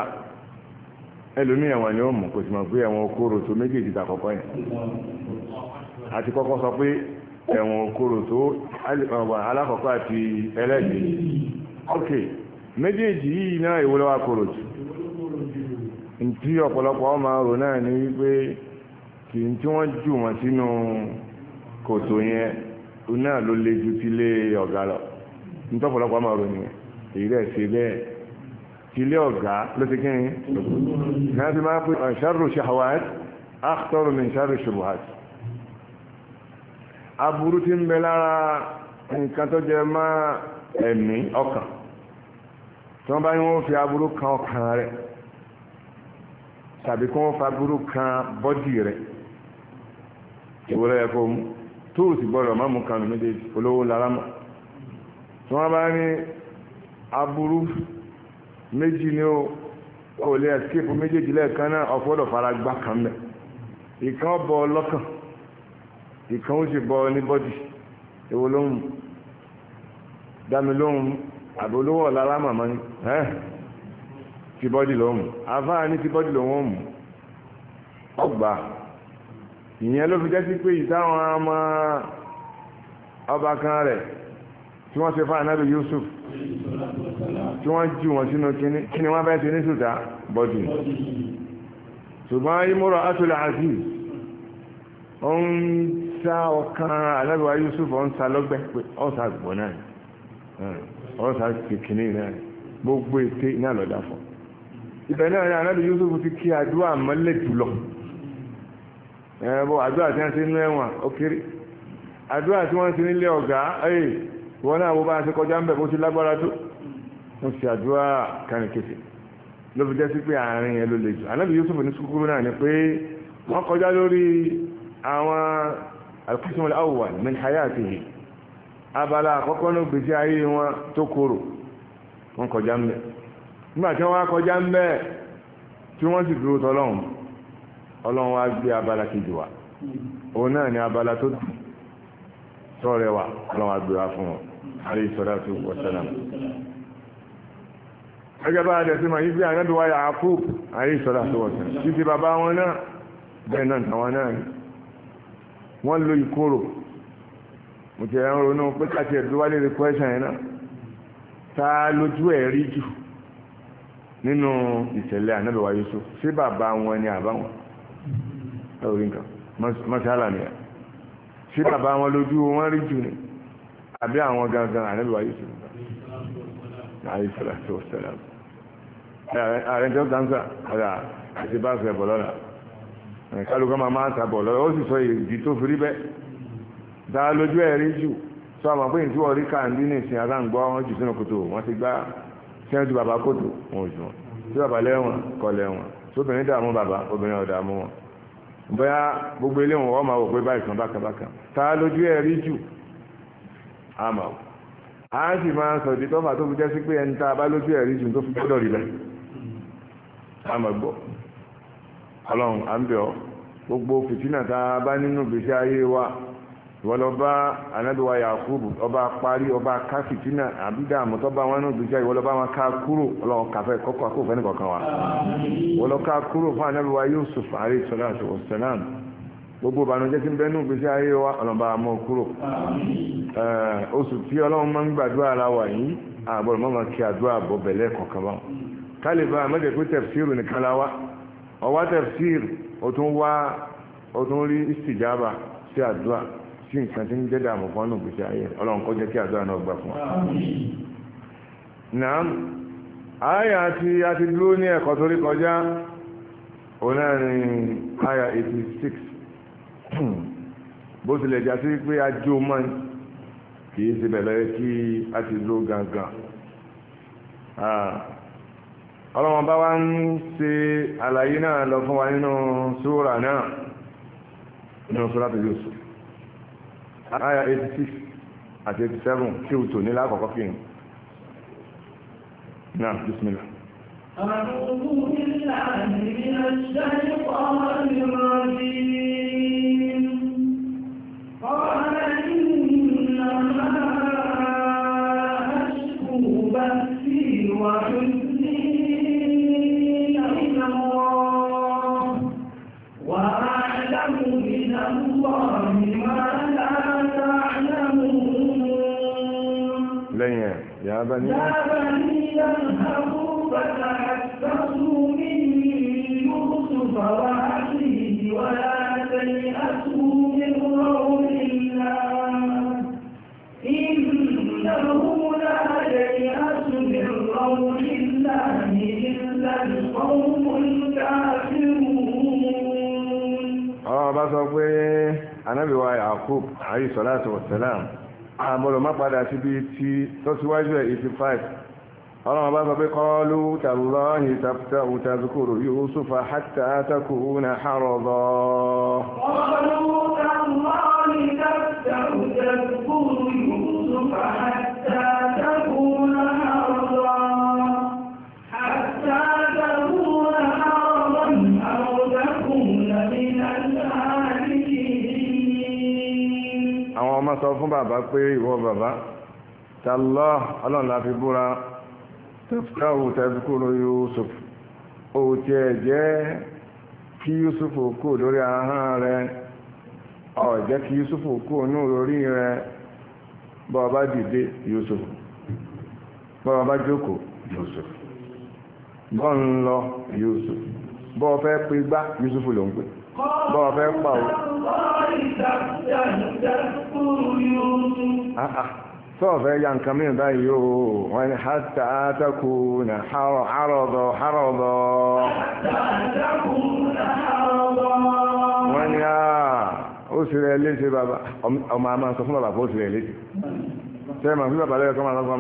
ẹlòmíì ẹ̀wọ̀n ni ó mú kò sì mọ̀ pé ẹ̀wọ̀n kóró tó méjèèjì ta kọ́kọ́ yẹn àti kọ́kọ́ sọ pé ẹ̀wọ̀n òkúrò tó alákọ̀ọ́kọ́ àti ẹlẹ́gbẹ̀ẹ́ ok méjèèjì yìí náà ìwọlọ́wà kòrò jù tí ọ̀pọ̀lọpọ̀ ọmọ rò náà ní wípé kì í tí wọ́n jù wọ́n sínú kòtò yẹn náà ló le ju ti lé ọ̀gá lọ ní tọ́pọ̀lọpọ̀ ọmọ rò nìyẹn èyí rẹ̀ ṣe bẹ́ẹ̀ ti lé ọ̀gá ló ti kí ni náà ti máa pé ṣàrò ṣàwáàt áàtọ̀rọ̀ mi ṣàrò ṣàwáàt aburú tí ń bẹ lára nǹkan tó jẹ má ẹ̀mí ọkàn tí wọ́n bá ní wọ́n fi aburú kan ọkàn rẹ̀ tàbí kí wọ́n fa aburú kan bọ́dì rẹ̀ ìwòrẹ́ ẹ̀kọ́ mú tó o sì gbọ́dọ̀ má mú kanu méjèèjì olówó lára mọ́ tí wọ́n bá ní aburú méjì ni ó kò lè escape méjèèjì lẹ́ẹ̀kan náà ọ̀pọ̀lọpọ̀ fara gbá kan mẹ́ ìkan bọ̀ ọlọ́kàn ìkan ó sì bọ́ ní bọ́dì ewo lóhùn dámi lóhùn àbólówó ọ̀lára màmá ni ẹ́ ti bọ́dì lóhùn afáà ní ti bọ́dì lóhùn mú ọgbà ìyẹn ló fi jẹ́ sí pé ìtàwọn ọmọ ọba kan rẹ̀ tí wọ́n ṣe fún ànábì Yusuf tí wọ́n jù wọn sínú kíní kíní wọ́n fẹ́ ṣe ní sùtà bọ́dì ṣùgbọ́n imúra atúlẹ̀ aziz ó sá ọkàn alábíwá Yusuf ọ̀nsá lọ́gbẹ́ pé ọ̀nsá gbọ́ náà ọ̀nsá kìkìní náà gbogbo ète náà lọ́dà fún ibẹ̀ náà ni alábí Yusuf ti kí àdúrà mọ́lẹ̀ jùlọ ẹ̀bọ̀ àdúrà tí wọ́n ti ní ẹ̀wọ̀n ó kéré àdúrà tí wọ́n ti nílé ọ̀gá ẹ̀yẹ wọn náà wọ́n bá ṣe kọjá ń bẹ̀ bó ti lágbára tó wọ́n ti àdúrà kánìkèsè ló fi jẹ́ sí pé àárín ẹ̀ ló le jù alábí Yusuf ní sukuru náà ni pé wọ́n kọjá lórí àwọn القسم الأول من حياته abala àkọ́kọ́ ló gbèsè ayé wọn tó korò wọn kọjá ń bẹ̀ nígbà tí wọ́n kọjá ń bẹ̀ tí wọ́n sì dúró tọ́lọ́hún ọlọ́run wá gbé abala kejì wa òun náà ni abala tó dùn tọ́rẹ wa ọlọ́run wá gbé wa fún wọn alayhi salatu wa salam ẹgbẹ́ bá dẹ̀ sí ma yí sí ànábìwá Yakub alayhi salatu wa salam títí bàbá wọn náà bẹ́ẹ̀ náà tàwọn náà ni wọ́n lo ìkorò mo ti ẹ̀ ń ronú pé káti ẹ̀ tó wá lè rí kwẹ́sàn yẹn náà ta lójú ẹ̀ rí jù nínú ìṣẹ̀lẹ̀ ànábì wa Yusuf ṣé bàbá wọn ni àbá wọn ẹ ò rí nǹkan mọ́ṣálà ni ẹ̀ ṣé bàbá wọn lójú wọn rí jù ni àbí àwọn gangan ànábì wa Yusuf àyè sọ̀rọ̀ àti ọ̀sẹ̀ rẹ̀ ààrẹ tó dáńsà àti bá fẹ́ bọ̀ kálukọ́ máa máa tàbọ̀ lọ́wọ́ ó sì sọ ìdí tó fi rí bẹ́ẹ̀ dá lójú ẹ̀ rí jù sọ àwọn pé ìtúwọ̀ rí káàndí ní ìsìn aláǹgbọ́ wọn jù sínú kòtò wọn ti gbá sẹ́yìn ju bàbá kòtò wọn ò jù wọn tí bàbá lẹ́wọ̀n kọ lẹ́wọ̀n sóbìnrin dààmú bàbá obìnrin ọ̀dààmú wọn bóyá gbogbo ilé wọn máa wò pé báyìí kan bákan bákan tá a lójú ẹ̀ rí jù àmọ́ a sì máa sọ ìdí tó fà tó fi jẹ́ sí pé ẹni tá a bá lójú ẹ̀ rí jù tó fi gbọ́dọ̀ rí bẹ́ẹ̀ àmọ́ gbọ́ ọlọ́run à ń bẹ̀ ọ́ gbogbo fìtínà tá a bá nínú gbèsè ayé wa wọ́n lọ bá anábíwá yakubu ọba parí ọba ká fìtínà àbídàmú tó bá wọn nínú gbèsè ayé wọ́n lọ bá wọn ká kúrò ọlọ́run kàfẹ́ kọ́kọ́ àkófẹ́ nìkọ̀kan wa wọ́n lọ ká kúrò fún anábíwá yusuf alayhi salatu wassalam gbogbo ìbànújẹ́ tí ń bẹ́nu gbèsè ayé wa ọlọ́ba àmọ́ kúrò oṣù tí ọlọ́run máa ń gbàdúrà ara wa yìí àbọ̀rọ̀ mọ́mọ́ kí àdúrà bọ̀ bẹ̀lẹ́ kọ̀ọ̀kan bá kálíbà mẹ́jẹ̀ pé nìkan la wa ọwá tẹ̀fsíìr ó tún wá ó tún rí ìsìjábà sí àdúrà sí nǹkan tí ń jẹ́ dààmú fún ọ̀nà gbèsè ayé ọlọ́run kó jẹ́ kí àdúrà náà gbà fún wa. nàám àyà àti àti dúró ní ẹ̀kọ́ tó rí kọjá onárin àyà 86 bó tilẹ̀ jà sí pé ajó mọ́ kì í ṣe bẹ̀rẹ̀ kí a ti dúró gangan. Ah ọlọ́wọ́n bá wá ń ṣe àlàyé náà lọ fún wa nínú súra náà nínú súra tó Yusuf àyà 86 àti 87 kí o tò ní lákọ̀ọ́kọ́ kí ni náà bísmìlá أعوذ بالله من الشيطان الرجيم قال يا بني يذهبوا فتحسسوا مني يوسف وأخيه ولا تيأسوا من روح الله إنه لا ييأس من روح الله إلا القوم الكافرون. آه بس أبوي أنا بواي يعقوب عليه الصلاة والسلام àmọ́lò má padà sí bí ti tọ́síwájú ẹ̀ 85 ọlọ́run bá sọ pé qalu tallahi tafta'u tadhkuru yusufa hatta takuna harada qalu tallahi tafta'u ọmọ sọ fún bàbá pé ìwọ bàbá tàlọ́ ọlọ́run búra tẹ́fùkáwù tẹ́fùkúrò Yusuf ó ti ẹ̀ kí Yusuf kú lórí ahọ́n rẹ ó kí Yusuf kú nù lórí rẹ bọ́ọ̀ dìde Yusuf bọ́ọ̀ bá Yusuf bọ́ lọ Yusuf bọ́ pé Yusuf ló ń pè bọ́ pàwọ́ Ah, ah. sọ́ọ̀fẹ́ ya nǹkan mìíràn báyìí yóò wọ́n na haro àrọ̀dọ̀ wọ́n ni a ah, ó sì rẹ̀ léṣe bàbá ọmọ o sọ fún bàbá fó sì rẹ̀ léṣe ma fún bàbá lẹ́yọ̀ kọ́ ma sọ fún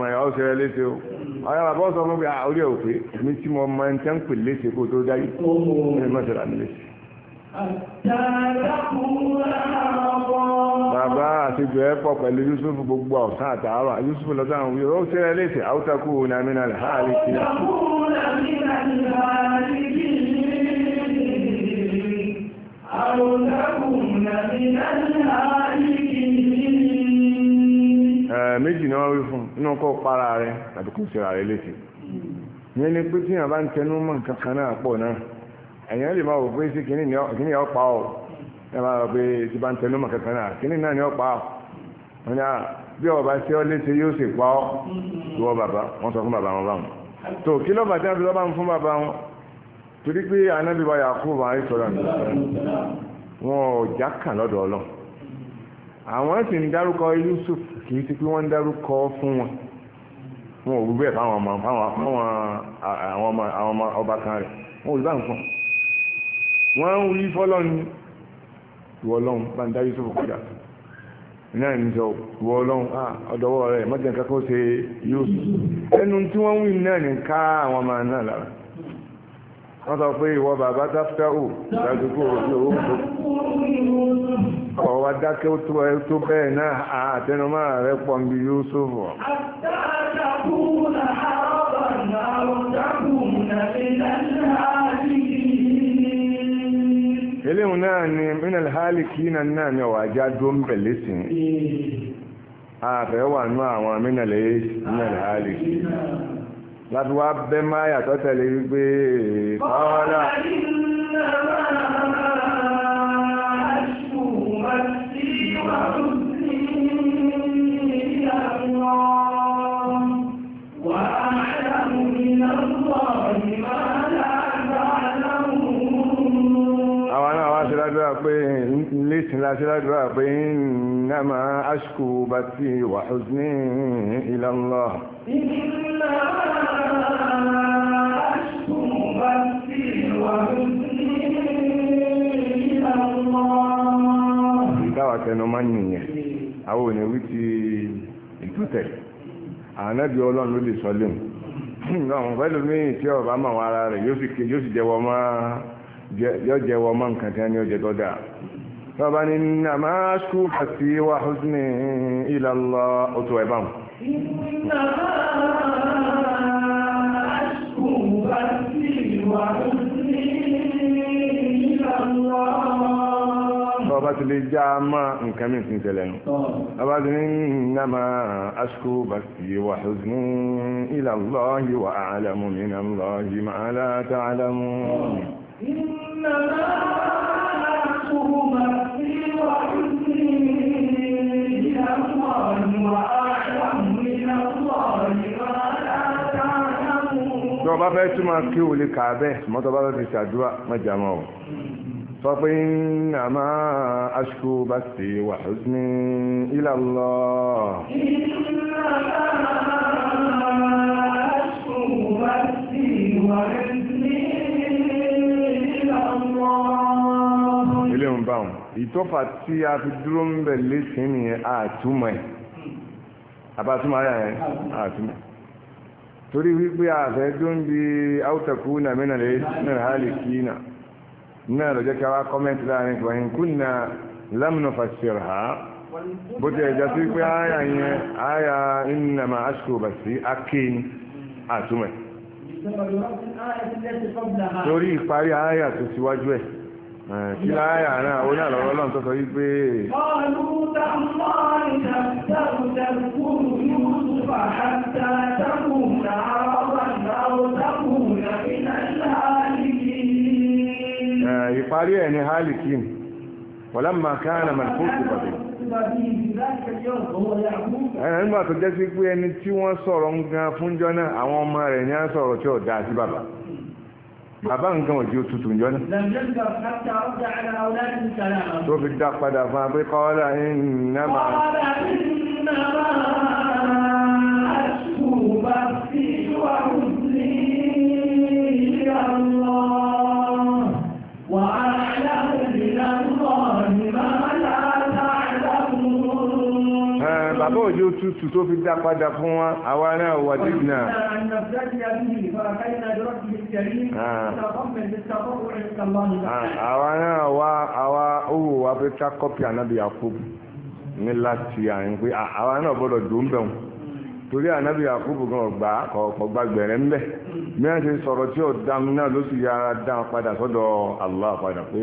ọmọ o mi mọ bàbá àti bẹ̀ẹ́ pọ̀ pẹ̀lú Yusuf gbogbo ọ̀sán àtàárọ̀ Yusuf lọ́sàn àwọn yóò tẹ́rẹ léṣe àwùtakù nàmínà láàrin kí méjì ni wọ́n wí fún inú kọ́ para rẹ̀ tàbí kò síra rẹ̀ léṣe yẹn ni pé tí bá ń tẹnu mọ́ nǹkan kan náà pọ̀ náà ẹ̀yìn lè máa wò pé sí kìíní ni ọ pa ọ ẹ máa wò pé ti bá ń tẹnu mọ̀ kankan náà kìíní náà ni ọ pa ọ wọn ni bí ọba ṣe ọ léṣe yóò sì pa ọ mm-hmm. ìwọ bàbá wọn sọ fún bàbá wọn báwọn tó kí lọ́ba tí wọ́n fi lọ́ba ń fún bàbá wọn torí pé anábì wa Yakubu ayé sọ̀rọ̀ àmì wọn ò já lọ́dọ̀ ọlọ́ àwọn sì ń dárúkọ Yusuf kì í ti pé wọ́n ń dárúkọ fún wọn wọn ò wú fáwọn ọmọ fáwọn àwọn ọmọ ọba kan rẹ̀ wọn ò lù ń fún wọn wọ́n ń wí fọ́lọ́ni wọ́lọ́n bá ń dá Yusuf kọjá náà ní sọ wọ́lọ́n ọ̀dọ́wọ́ rẹ̀ mọ́jẹ̀ kakọ́ ṣe Yusuf ẹnu tí wọ́n wí náà ní ká àwọn ọmọ náà lára wọ́n sọ pé ìwọ bàbá táfíkàwò ìdájúkú olówó tó ọwọ́ dákẹ́ tó bẹ́ẹ̀ náà àtẹnumọ́ rẹ̀ pọ̀ ń bí Yusuf ọ̀ eléhùn náà ni minal halikina náà ni ọ̀wà ajá dó ń bẹ̀lẹ̀ sí ààfẹ́ wà ní àwọn e, minal halikina láti wá bẹ́ máa yàtọ̀ tẹ̀lé wípé kọ́lá Thank you. ládùúrà pé ilé ìsìn láti ládùúrà pé nàmà ashku bàtì wà huzni wà huzni ila Allah. Ìdáwà tẹnu máa ń nìyẹn, àwọn òní wí ti ìtútẹ̀, ànábì ọlọ́run ló lè sọ léwu. Ìgbà wọn pẹ́lú mí tí ọba máa wà ara rẹ̀ yóò sì jẹ́wọ́ máa يجي ومن كان يجي قدا فبن إنما أشكو حسي وحزني إلى الله إنما أشكو حسي وحزني إلى الله صبت للجامع إنما أشكو بسي وحزني إلى الله وأعلم من الله ما لا تعلمون tọ́ bá fẹ́ túnmọ̀ kí o lè kà bẹ́ẹ̀ mọ́tọ́ bá fẹ́ ṣàdúrà mẹ́jà mọ́ ọ̀ sọ pé iná máa aṣkú bá ti wà ní ilà lọ. iná máa aṣkú bá ti wà ní. bam itofa ti a fi duro n be le si ni a tumo e aba tumo ya e a tumo tori wipe a fe don di autaku na mena le na na lo je ka wa comment la ni ko ha. kunna lam nufassirha bo je ja aya ye aya inna ma ashku basi akin a tumo e tori pari aya to siwaju kí láyà náà onye ní àlọ́rọ́ lọ́n tó sọ yí pé. ìparí ẹ̀ ní halikin wọ́lámà káàna màlúkú pàdé na tó jẹ́ sí pé ẹni tí wọ́n sọ̀rọ̀ ń gan fúnjọ́ náà àwọn ọmọ rẹ̀ ní á sọ̀rọ̀ tí ó sí bàbá bàbá nǹkan òjì òtútù ìjọ náà tó fi dá padà fún abẹ́ kọ́ọ́lá iná máa وأعلم من الله ما لا a òjò tútù tó fi dá fún wọn àwa náà wà dìbìnà àwa náà wá àwa owó wa fi ká kọ́pì ànábì Yakubu ní láti àyìn pé àwa náà gbọ́dọ̀ dùn bẹ̀rùn torí ànábì Yakubu gan ọgbà ọgbà gbẹ̀rẹ̀ ń bẹ̀ mìíràn ti sọ̀rọ̀ tí ó dáhùn náà ló sì yára dáhùn padà sọ́dọ̀ Allah padà pé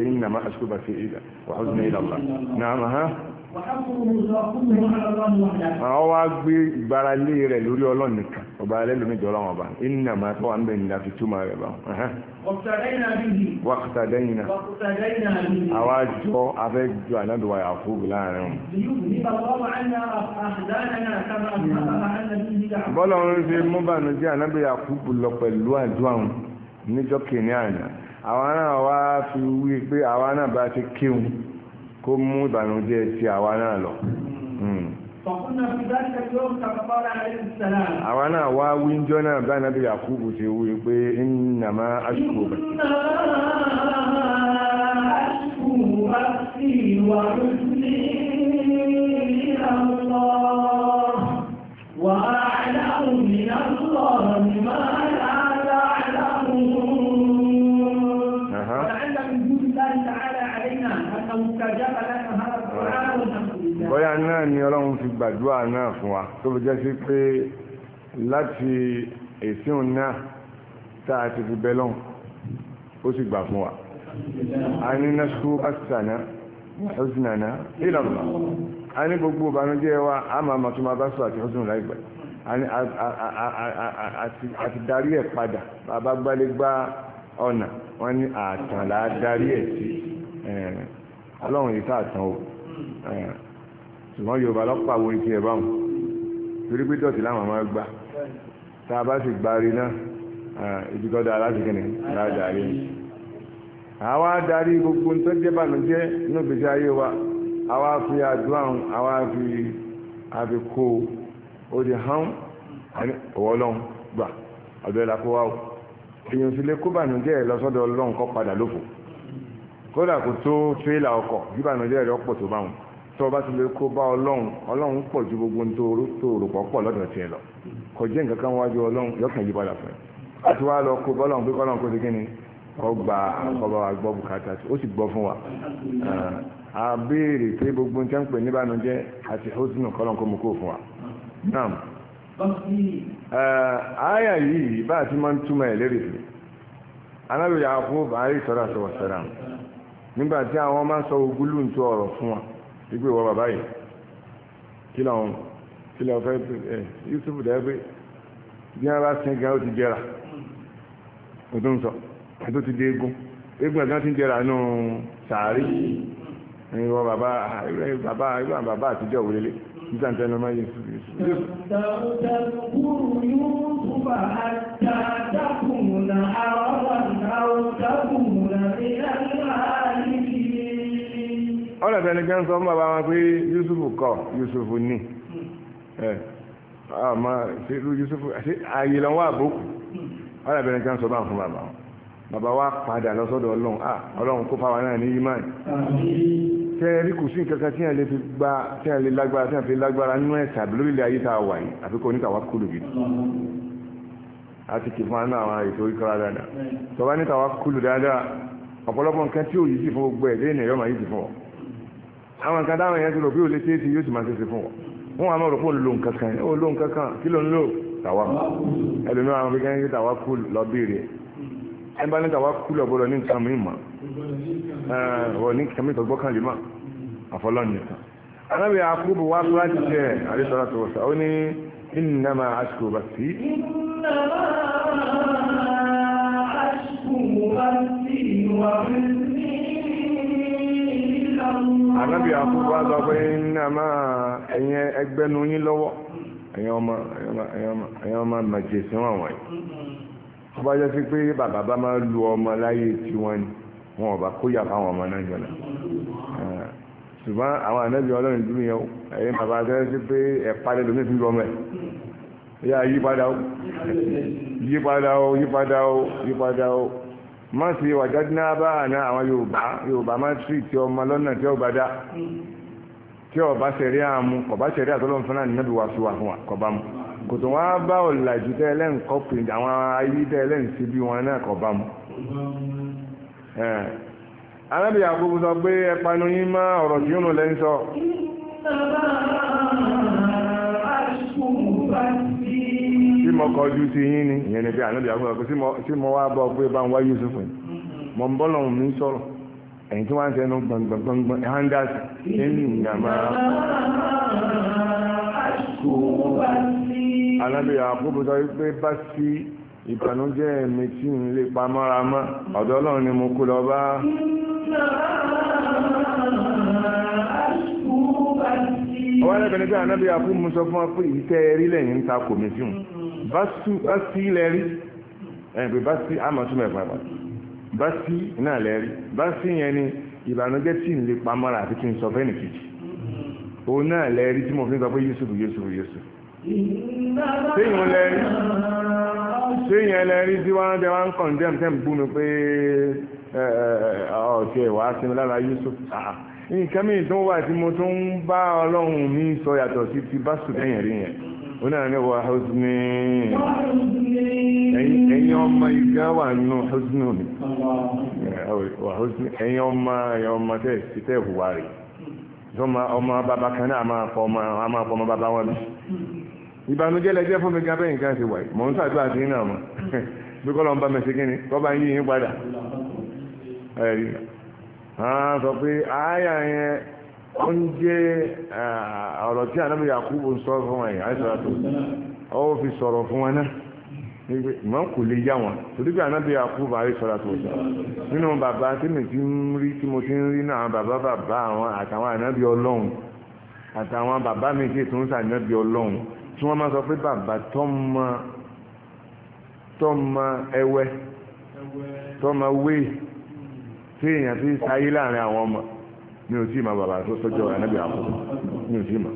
náà àwọn wá gbé ìgbáralé rẹ̀ lórí ọlọ́run nìkan ọba alẹ́lòmíjọ ọlọ́run ọba iná máa tọ́ wà ń bẹ̀ nígbà fi túmọ̀ rẹ̀ bá wákàtà dẹ́yìn náà àwa jọ afẹ́ jọ ànádùwà àfúgbù láàrin wọn. bọ́lá ń ṣe mú bànújẹ́ ànábìyà àfúgbù lọ pẹ̀lú àdúrà níjọ́ kìnìún àná àwa náà wá fi wí pé àwa náà bá ti kéwòn kó mú ìbànújẹ́ sí àwa náà lọ hmm. àwa náà wá wíńjọ́ náà bá nàbí Yakubu ti wú pé innama ashku bẹ̀ وأعلم من الله ما لا bóyá náà ni ọlọ́run fi gbàdúrà náà fún wa tó fi jẹ́ sí pé láti èsìn náà tá a ti fi bẹ́ lọ́hùn ó sì gbà fún wa a ní násù bàtànà ọ̀sìnàna ìlànà a ní gbogbo ìbànújẹ́ wa a máa mọ̀ tó máa bá sọ àti ọ̀sìn láìpẹ́ àti darí ẹ̀ padà bàbá gbálégbá ọ̀nà wọ́n ní àtànlá darí ẹ̀ sí ọlọ́run yìí tá àtàn o ṣùgbọ́n yorùbá lọ́pàá wo ti ẹ̀ báwọn torí pé dọ̀tí láwọn máa gbà tá a bá sì gbari náà ibi tó dáa láti kìnnì láà darí àwa darí gbogbo tó jẹ́ bànújẹ́ inú gbèsè ayé wa àwa fi àdúrà àwa fi àfi kó o di hàn ọ̀wọ́lọ́hún gbà ọ̀dọ̀ ẹ̀ lápò wá o èèyàn sì lè kó bànújẹ́ ẹ̀ lọ́sọ́dọ̀ ọlọ́run kọ́ padà lófo kódà kò tó tírélà ọkọ̀ bí bànújẹ́ rẹ̀ ọ̀pọ̀ tó báwọn tó bá ti lè kó bá ọlọ́run ọlọ́run pọ̀ ju gbogbo ní tó rò pọ̀ pọ̀ lọ́dọ̀ tiẹ̀ lọ kò jẹ́ nǹkan kan wájú ọlọ́run yọkàn yí padà fún ẹ àti wá lọ kó bọ́lọ́run pé kọ́lọ́run kó ti kí ni kọ́ gba ọba wa gbọ́ bùkátà ó sì gbọ́ fún wa a béèrè pé gbogbo ní tẹ́ǹpẹ̀ níbànújẹ́ àti hosùnù kọ́lọ́run kó mú kó fún wa naam àyà yìí bá a ti máa ń túmọ̀ ẹ̀ lérè nígbà tí àwọn máa ń sọ ogúlù ń tó ọ̀rọ̀ fún wa wípé wọ́n bàbá yìí kí làwọn kí làwọn fẹ́ ẹ Yusuf dẹ́ bí wọ́n bá sin gan ó ti jẹrà ó tó ń sọ ó tó ti dé egun egun ẹ̀gán ti ń jẹrà nù sàárì ẹ̀yin wọ́n bàbá ẹ̀yin bàbá ẹ̀yin bàbá àtijọ́ òwúrẹ́lẹ́ nígbà tí ẹnu máa yẹ Yusuf Yusuf. Yusuf ọlọ́dọ̀ ẹni kan sọ bàbá wọn pé Yusufu kọ Yusufu ní ẹ ọmọ ṣèlú Yusufu ààyè lọ́wọ́ àbókù ọlọ́dọ̀ ẹni kan sọ bá fún bàbá wọn bàbá wa padà lọ́sọ́dọ̀ ọlọ́run à ọlọ́run kó fáwọn náà ní imán tẹ́ẹ̀rí kò sí nǹkan kan tí àlè fi gba tí àlè lágbára tí àlè fi lágbára nínú ẹ̀sà lórílẹ̀ ayé tá a wà yìí àfikún oníkàwá kúlù gidi àti kì fún àná àwọn ètò ìkọ́ra dáadáa tọ́ba níkàwá kúlù dáadáa ọ̀pọ̀lọpọ̀ nǹkan tí òyìí sì fún gbogbo ẹ̀ lẹ́yìn ẹ̀yọ́ màá yìí sì fún ọ àwọn nǹkan dáhùn yẹn ti rò pé ò lè ṣe é ti yóò ti máa ṣe sí fún wọn wọn àmọ́ rò pé òun lo nǹkan kan ó lo nǹkan kan kí ló ń lò tàwa ẹlòmí àwọn fi kẹ́kẹ́ tàwa kú lọ béèrè ẹ bá ní tàwa kú lọ gbọdọ̀ ní nǹkan mìíràn mọ́ ọ̀ ní nǹkan mìíràn gbọ́kàn lè mọ́ àfọlọ́ọ̀ nìkan. anábì àkúbù wá fúlá ti jẹ àdéṣọlá tó wọ̀sà ó ní ìnàmà àṣùkò bá sí. ìnàmà àṣùkò bá sí wà fún ànábì àkókò sọ pé iná máa ẹ̀yẹ ẹgbẹ́nu yín lọ́wọ́ ẹ̀yẹ ọmọ màjè sí wọn wọ̀nyí tó bá jẹ́ sí pé bàbá bá máa lu ọmọ láyé tí wọ́n ni wọn ò bá kóyà fáwọn ọmọ náà jọ náà ṣùgbọ́n àwọn ànábì ọlọ́run dúró yẹn ẹ̀yẹ bàbá tẹ́lẹ̀ sí pé ẹ̀pá lẹ́dọ̀ ní fi lọ́mọ ẹ̀ yá yípadà ó yípadà ó yípadà ó yípadà má sì wàjádínà bá àná àwọn yorùbá yorùbá má sì tí ọmọ lọ́nà tí ọba dá tí ọba sẹ̀rí àmú ọba sẹ̀rí àtọ́lọ́n fún náà nínábi wà sí fún wa kọba mu kò tó wọn bá ọ̀làjú tẹ́ ẹlẹ́n kọ́pì àwọn ayé tẹ́ ẹlẹ́n sí bí wọn náà kọba mu. alábì àkókò sọ pé ẹpanu mo kọjú sí yín ni ìyẹn ni pé ànábì àgbọ̀n pé tí mo wá bọ́ pé bá ń wá Yusuf ni mo ń bọ́ lọ́hùn mi sọ̀rọ̀ ẹ̀yìn tí wọ́n ń tẹnu gbọ̀ngbọ̀ngbọ̀n handas nínú ìyàmá ànábì àkókò sọ pé bá sí ìbànújẹ́ mi tí ń lè pa mọ́ra mọ́ ọ̀dọ̀ Ọlọ́run ni mo kó lọ bá ọwọ́ ẹlẹ́bẹ̀ẹ́ nígbà ànábì àkókò sọ fún ọ pé ìtẹ́ rí lẹ́yìn ń ta kò mí bá basi lẹ́rí ẹ̀bẹ̀ basi sí àmọ̀túnmẹ̀ pàápàá bá sí náà lẹ́rí bá yẹn ni ìbànújẹ́ tí ń lè pamọ́ra àti kí n sọ fẹ́nì kejì òun náà lẹ́rí tí mo fi ń sọ pé Yusuf Yusuf Yusuf séyìn lẹ́rí séyìn lẹ́rí tí wọ́n jẹ́ wọ́n kọ̀ǹdẹ́m tẹ́ ń bú mi pé ọ̀kẹ́ wàá sinmi lára Yusuf ah, nǹkan mìíràn tó wà tí mo tún ń bá Ọlọ́run mi sọ yàtọ̀ sí ti bá lẹ́yìn rí yẹn ó náà ní wà húsùnì ẹ̀yìn ọmọ ìgbà wà nínú húsùnù ni wà húsùnì ẹ̀yìn ọmọ ẹ̀yìn ọmọ tẹ́ ìhùwà rẹ̀ ọmọ ọmọ bàbá kan náà máa fọ ọmọ bàbá wọn bí ìbànújẹ́ lẹ́jẹ́ fún mi gábẹ́ nǹkan ṣe wà mọ̀ ń sàdúrà sí náà mọ̀ bí kọ́ lọ ń bá mẹ́sí kí ni kọ́ bá ń yí yín padà ẹ̀rí àwọn sọ pé àáyà yẹn ó ń jẹ́ ọ̀rọ̀ tí ànábì Yakubu ń sọ̀rọ̀ fún wọn yìí àìsàràtò ó fi sọ̀rọ̀ fún wọn náà ìmọ̀ kò lè yá wọn torí pé ànábì Yakubu àìsàràtò nínú bàbá tí mi ti ń rí tí mo ti ń rí náà bàbá bàbá àwọn àtàwọn ànábì ọlọ́run àtàwọn bàbá mi kì í tún sànábì ọlọ́run tí wọ́n máa sọ pé bàbá tọ́mọ ẹwẹ́ tọ́mọ wéè tí èèyàn fi sáyé láàrin àwọn ọmọ ní o tí ma bàbá tó sọ́jọ́ anábì àkúbù ní o tí ma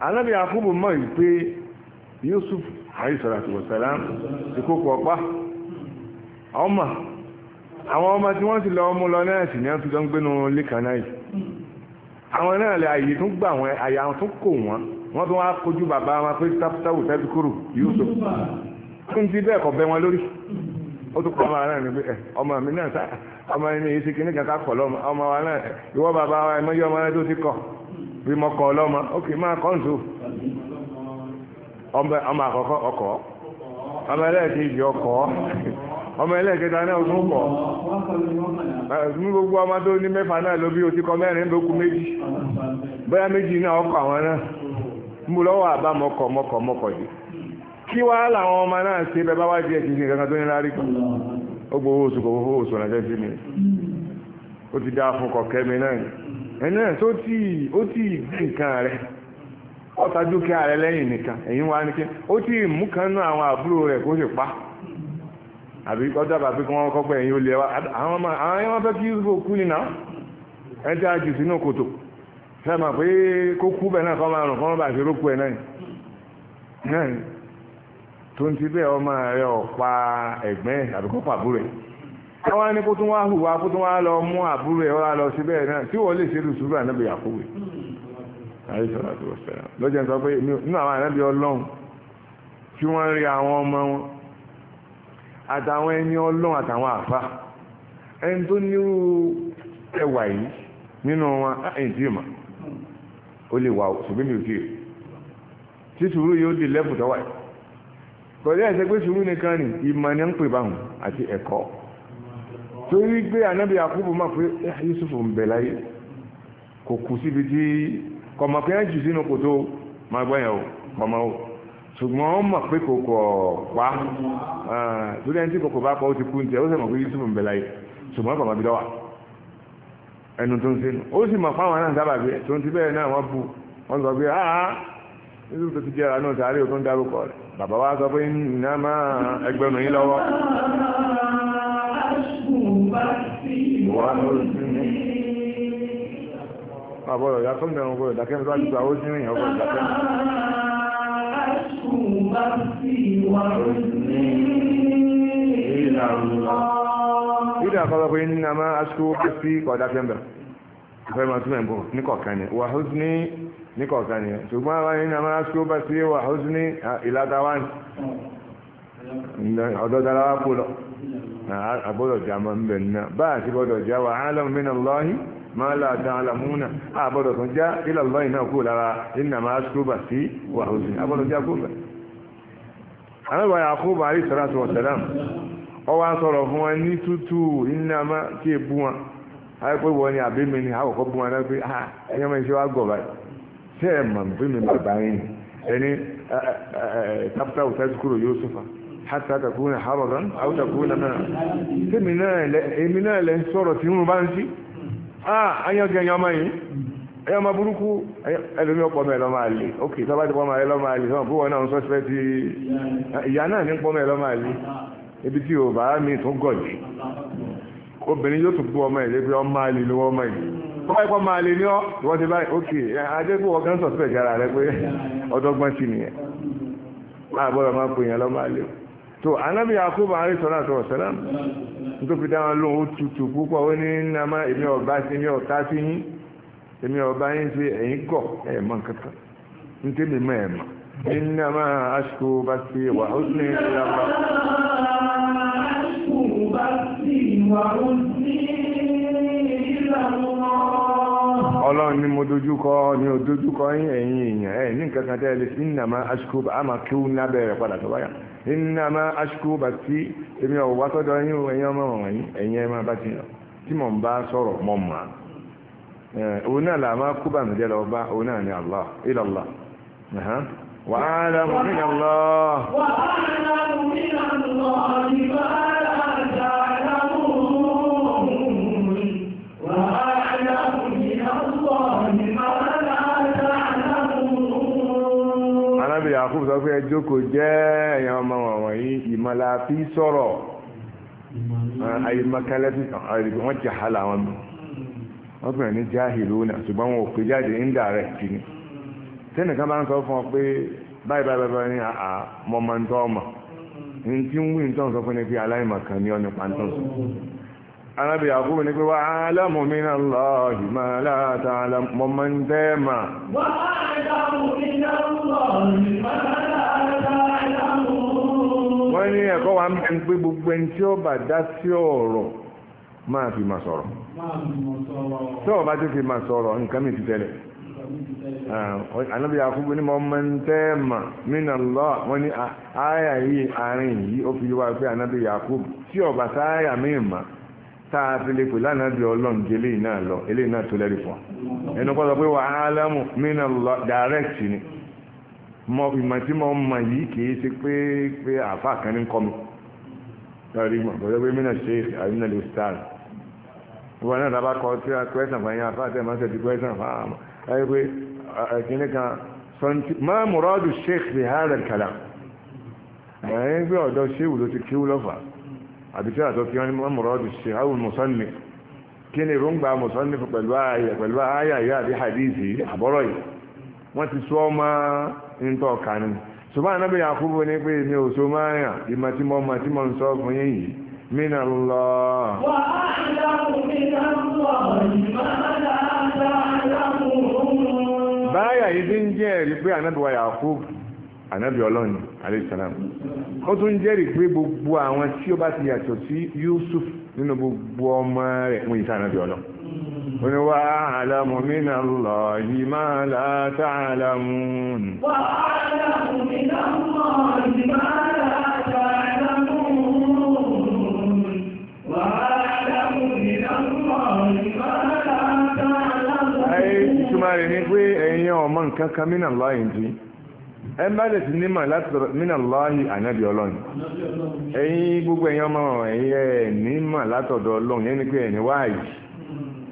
anábì àkúbù mọ̀ ah. pé Yusuf àìsàràtì wọ̀sàlá ti kókò ọpá ọmọ àwọn ọmọ tí wọ́n ti lọ mú lọ náà sì ní a tuntun gbénu líkà náà yìí àwọn náà lè àyè tún gbà wọn àyà tún kò wọn wọ́n tún wá kojú bàbá wọn pé tábùtábù tẹ́bí kúrò Yusuf tún ti bẹ́ẹ̀ kọ̀ bẹ́ wọn lórí ó tún pọ̀ ọmọ náà ní ọmọ mi náà sáà ọmọ inú yìí sí kí ní kàkà kọ̀ lọ́mọ ọmọ wa náà ìwọ bàbá wa ẹ̀mọ́ yọ ọmọ rẹ tó ti kọ̀ bí mo kọ̀ lọ́mọ ókè máa kọ́ ǹtò ọmọ àkọ́kọ́ ọkọ̀ ọmọ ẹlẹ́ẹ̀kejì ọkọ̀ ọmọ ẹlẹ́ẹ̀kẹta náà tún kọ̀ ní gbogbo ọmọ tó ní mẹ́fà náà ló bí o ti kọ mẹ́rin ló kù méjì bóyá méjì náà ọkọ̀ àwọn náà mú lọ́wọ́ àbá mọ́kọ̀ mọ́kọ̀ mọ́kọ̀ yìí kí wàá làwọn ọmọ náà ṣe bẹ́ẹ̀ bá wá jẹ́ ìṣiṣẹ́ kankan tó ní lárí kan. ó gbowó oṣù kò gbowó na ránṣẹ́ sí mi o ti dá fún kọ̀kẹ́ mi náà ẹni náà tó tí ó tí gbé nǹkan rẹ̀ ọ̀tá dúkìá rẹ̀ lẹ́yìn nìkan ẹ̀yìn wa ni kí ó tí mú kan nú àwọn àbúrò rẹ̀ kó sì pa àbí ọjọ́ bàbí kí wọ́n kọ́pẹ́ ẹ̀yìn ó lé wa àwọn ọmọ àwọn ẹ̀yìn wọn fẹ́ kí Yusuf kú nínà ẹni tí a jù sínú kòtò sẹ́mi pé kó kú bẹ́ẹ̀ náà kọ́ máa rùn náà tó ń ti bẹ́ẹ̀ ọmọ rẹ̀ ọ̀pá ẹ̀gbẹ́ àbíkọ́ pàbúrò ẹ̀ káwá ní kó tún wá hùwà kó tún wá lọ mú àbúrò ẹ̀ wá lọ sí bẹ́ẹ̀ náà tí wọ́n lè ṣe lùsùrù ànábì Yakubu ayé sọ̀rọ̀ àti ọ̀sẹ̀ lọ́jọ́ ń sọ pé nínú àwọn ànábì ọlọ́run tí wọ́n rí àwọn ọmọ wọn àtàwọn ẹni ọlọ́run àtàwọn àfa ẹni tó nírú ẹwà yìí nínú wọn ẹ̀yìn tí mà ó lè wà ṣùgbọ́n mi ò tí ì tí sùúrù yóò di lẹ́bùtọ́wà yìí pẹ̀lú ẹ̀sẹ̀ pé sùúrù nìkan ni ìmọ̀ ni ń pè báhùn àti ẹ̀kọ́ torí gbé ànábì àkúbù máa pé eh, Yusuf ń bẹ láyé kò kù síbi tí kọmọ pé ẹ̀jù sínú kòtò máa gbọ́yàn o kọmọ o ṣùgbọ́n ó mọ̀ pé kòkò pa ah, torí ẹni tí kòkò bá pa ó ti kú ní tiẹ̀ ó sì mọ̀ pé Yusuf ń bẹ láyé ṣùgbọ́n kọmọ bí dọ́wà ẹnu tó ń sínú ó sì mọ̀ fáwọn náà sábà pé tó ń ti bẹ́ẹ̀ náà wọ́n bu wọ́n sọ pé ah Yusuf bàbá wa sọ pé iná máa ẹgbẹ̀rún yín lọ́wọ́ àbọ̀rọ̀ ìyá tó ń dẹ̀rùn ọgbọ̀rọ̀ ìdákẹ́ mi láti gba ó sí ìrìn ọgbọ̀rọ̀ ìdákẹ́ mi. ìdá àkọ́lọ́pọ̀ iná máa aṣkú pàṣí kọ̀ọ̀dákẹ́ mi bẹ̀rẹ̀ ìfẹ́ máa túmọ̀ ìbò níkọ̀ọ̀kan ni wà hósù ní níkọ̀ọ̀kan ni ṣùgbọ́n àwọn ènìyàn máa ṣó bá sí wà hósù ní ìlàtàwá ọ̀dọ́ dára wá kó lọ àgbọ́dọ̀ jà máa ń bẹ̀ nínú bá alayhi salatu wa salam ọwọ́ sọ̀rọ̀ fún wọn ní tútù ìnàmá kí èbú wọn ayé pé wọ́n ni àbí mi ni àkọ́kọ́ bí wọn náà pé ah ẹ̀yọ́ mi ṣe wá gọ̀ báyìí ṣé ẹ̀ mọ̀ bí mi bàbá yín ẹni tápítà òtẹ́síkúrò yóò sùfà hátà takuna haradan aw takuna náà tèmi náà lẹ èmi náà lẹ sọ̀rọ̀ tí mo bá ń sí ah ayọ̀gẹ̀ ẹ̀yọ́ ọmọ yìí ẹ̀yọ́ ọmọ burúkú ẹlòmí ọ̀pọ̀ mẹ́ lọ́ máa lè ok tọ́ba ti pọ́ máa lọ́ máa lè sọ́n fún wọn náà ń sọ́sẹ́ ti ìyá náà ní pọ́ mẹ́ lọ́ máa lè ibi tí ò mi tó gọ̀ yìí obìnrin yóò tún bú ọmọ ẹ̀ lébi ọmọ àlè ni wọ́n mọ̀ yìí wọ́n ẹ̀kọ́ máa lè ní ọ́ wọ́n ti báyìí ókè adékù ọ̀gán sọ̀tẹ̀ jára rẹ pé ọdọ́gbọ́n sí nìyẹn máa bọ́ọ̀rọ̀ máa pè yẹn lọ́mọ àlè tó anábì àkóbá àrí sọ́nà àtọ̀ sẹ́lá tó dáhùn lóhùn ó tutù púpọ̀ ó ní nàmá èmi sí ọ̀tá sí yín èmi yín sí ẹ̀yìn kankan mọ̀ ọlọ́run ni mo dojúkọ ni o dojúkọ yín ẹ̀yin èèyàn ẹ̀ ní nǹkan kan tẹ́lẹ̀ sí nàmá ashkuba àmà kí ó nábẹ̀ rẹ̀ padà tó báyà nàmá ashkuba tí èmi ọ̀ wá sọ́dọ̀ yín ẹ̀yin ọmọ wọ̀nyí ẹ̀yin ẹ̀ máa bá ti yàn tí mò ń bá sọ̀rọ̀ mọ́ mà òun náà là máa kú bàmídẹ́ lọ bá òun náà ni Allah ilallah wàhálà mùmínà Allah wàhálà mùmínà Allah Yakub sọ pé ẹjọ́ kò jẹ́ ẹ̀yàn ọmọ wọ̀n yìí ìmọ̀lá fi sọ̀rọ̀ àyèmọ̀kálẹ́ fi wọ́n ti hàlà wọn mi wọ́n pè ní jáhìlú náà ṣùgbọ́n wọn ò pè jáde indirect ni tẹ́nìkan bá ń sọ fún ọ pé báyìí báyìí báyìí ní àá mọ̀mọ́ntọ́ ọmọ ní tí ń wí ní sọ fún ni pé aláìmọ̀kan ní ọ nípa ń sọ anábì àkúrò ní pé wà álámù mínà lọ́ọ̀dì máa láta mọ́ máa ń tẹ́ mà. wà álámù mínà lọ́ọ̀dì máa láta wọ́n ní ẹ̀kọ́ wa ń bẹ̀ pé gbogbo ẹni tí ó bá dá sí ọ̀rọ̀ máa fi máa sọ̀rọ̀ tí ó bá ti fi máa sọ̀rọ̀ nǹkan mi ti tẹ́lẹ̀ anábìyà fún ní mo máa mínà lọ́ wọ́n ní àyà yìí táa fi lè pè lánàá bí ọlọ́run jẹ eléyìí náà lọ eléyìí náà tó lẹ́rìí fún wa ẹnu kọ́ sọ pé wà á lámù mínà lọ direct ni mo ìmọ̀ tí mo mọ̀ yìí kì í ṣe pé pé àfa kan ní kọ́ mi lọ́rí mọ̀ bọ́dọ̀ pé mínà ṣe àyínà lè star wọn náà dábàá kọ sí kwẹ́sàn fún ẹ̀yìn àfa àti ẹ̀mọ́ sẹ́ti kwẹ́sàn fún àmọ́ ẹ pé ẹ̀kíní kan sọ́ńtì má mùrọ́dù sheikh bihar kàlà ẹ̀yìn pé ọ̀dọ̀ sheikh ló ti kíw lọ́fàá àbí tí àtọ́ fi wọ́n ní mọ́mọ́rọ́dù ṣe àwọn mùsọ́nì kí ni rúngbà mùsọ́nì pẹ̀lú àyà yìí àbí hadithi àbọ́rọ̀ yìí wọ́n ti sọ ọmọ nítọ́ kanu ṣùgbọ́n anábì Yakubu ní pé mi ò so máa yàn ìmọ̀ tí mo mọ̀ tí mo ń sọ fún yín yìí mínà lọ. báyà yìí ti jẹ́ ẹ̀rí pé anábì wa Yakubu ànábì ọlọ́ni aleyhisselam ó tún jẹ́rìí pé gbogbo àwọn tí ó bá ti yàtọ̀ sí Yusuf nínú gbogbo ọmọ rẹ̀ wọ́n yìí sí ànábì ọlọ́ ó ní wá àlámù min Allahi ma la ta'lamun wá àlámù min Allahi ma la ta'lamun wá àlámù min Allahi ma la ta'lamun. ayé ìtumá rẹ̀ ni pé ẹ̀yin ọmọ nǹkan kan min Allahi yìí ẹ bá lè ti nímọ̀ láti mínà lọ́ọ̀hì ànábì ọlọ́run ẹ̀yin gbogbo ẹ̀yin ọmọ nímọ̀ látọ̀dọ̀ ọlọ́run yẹn ni pé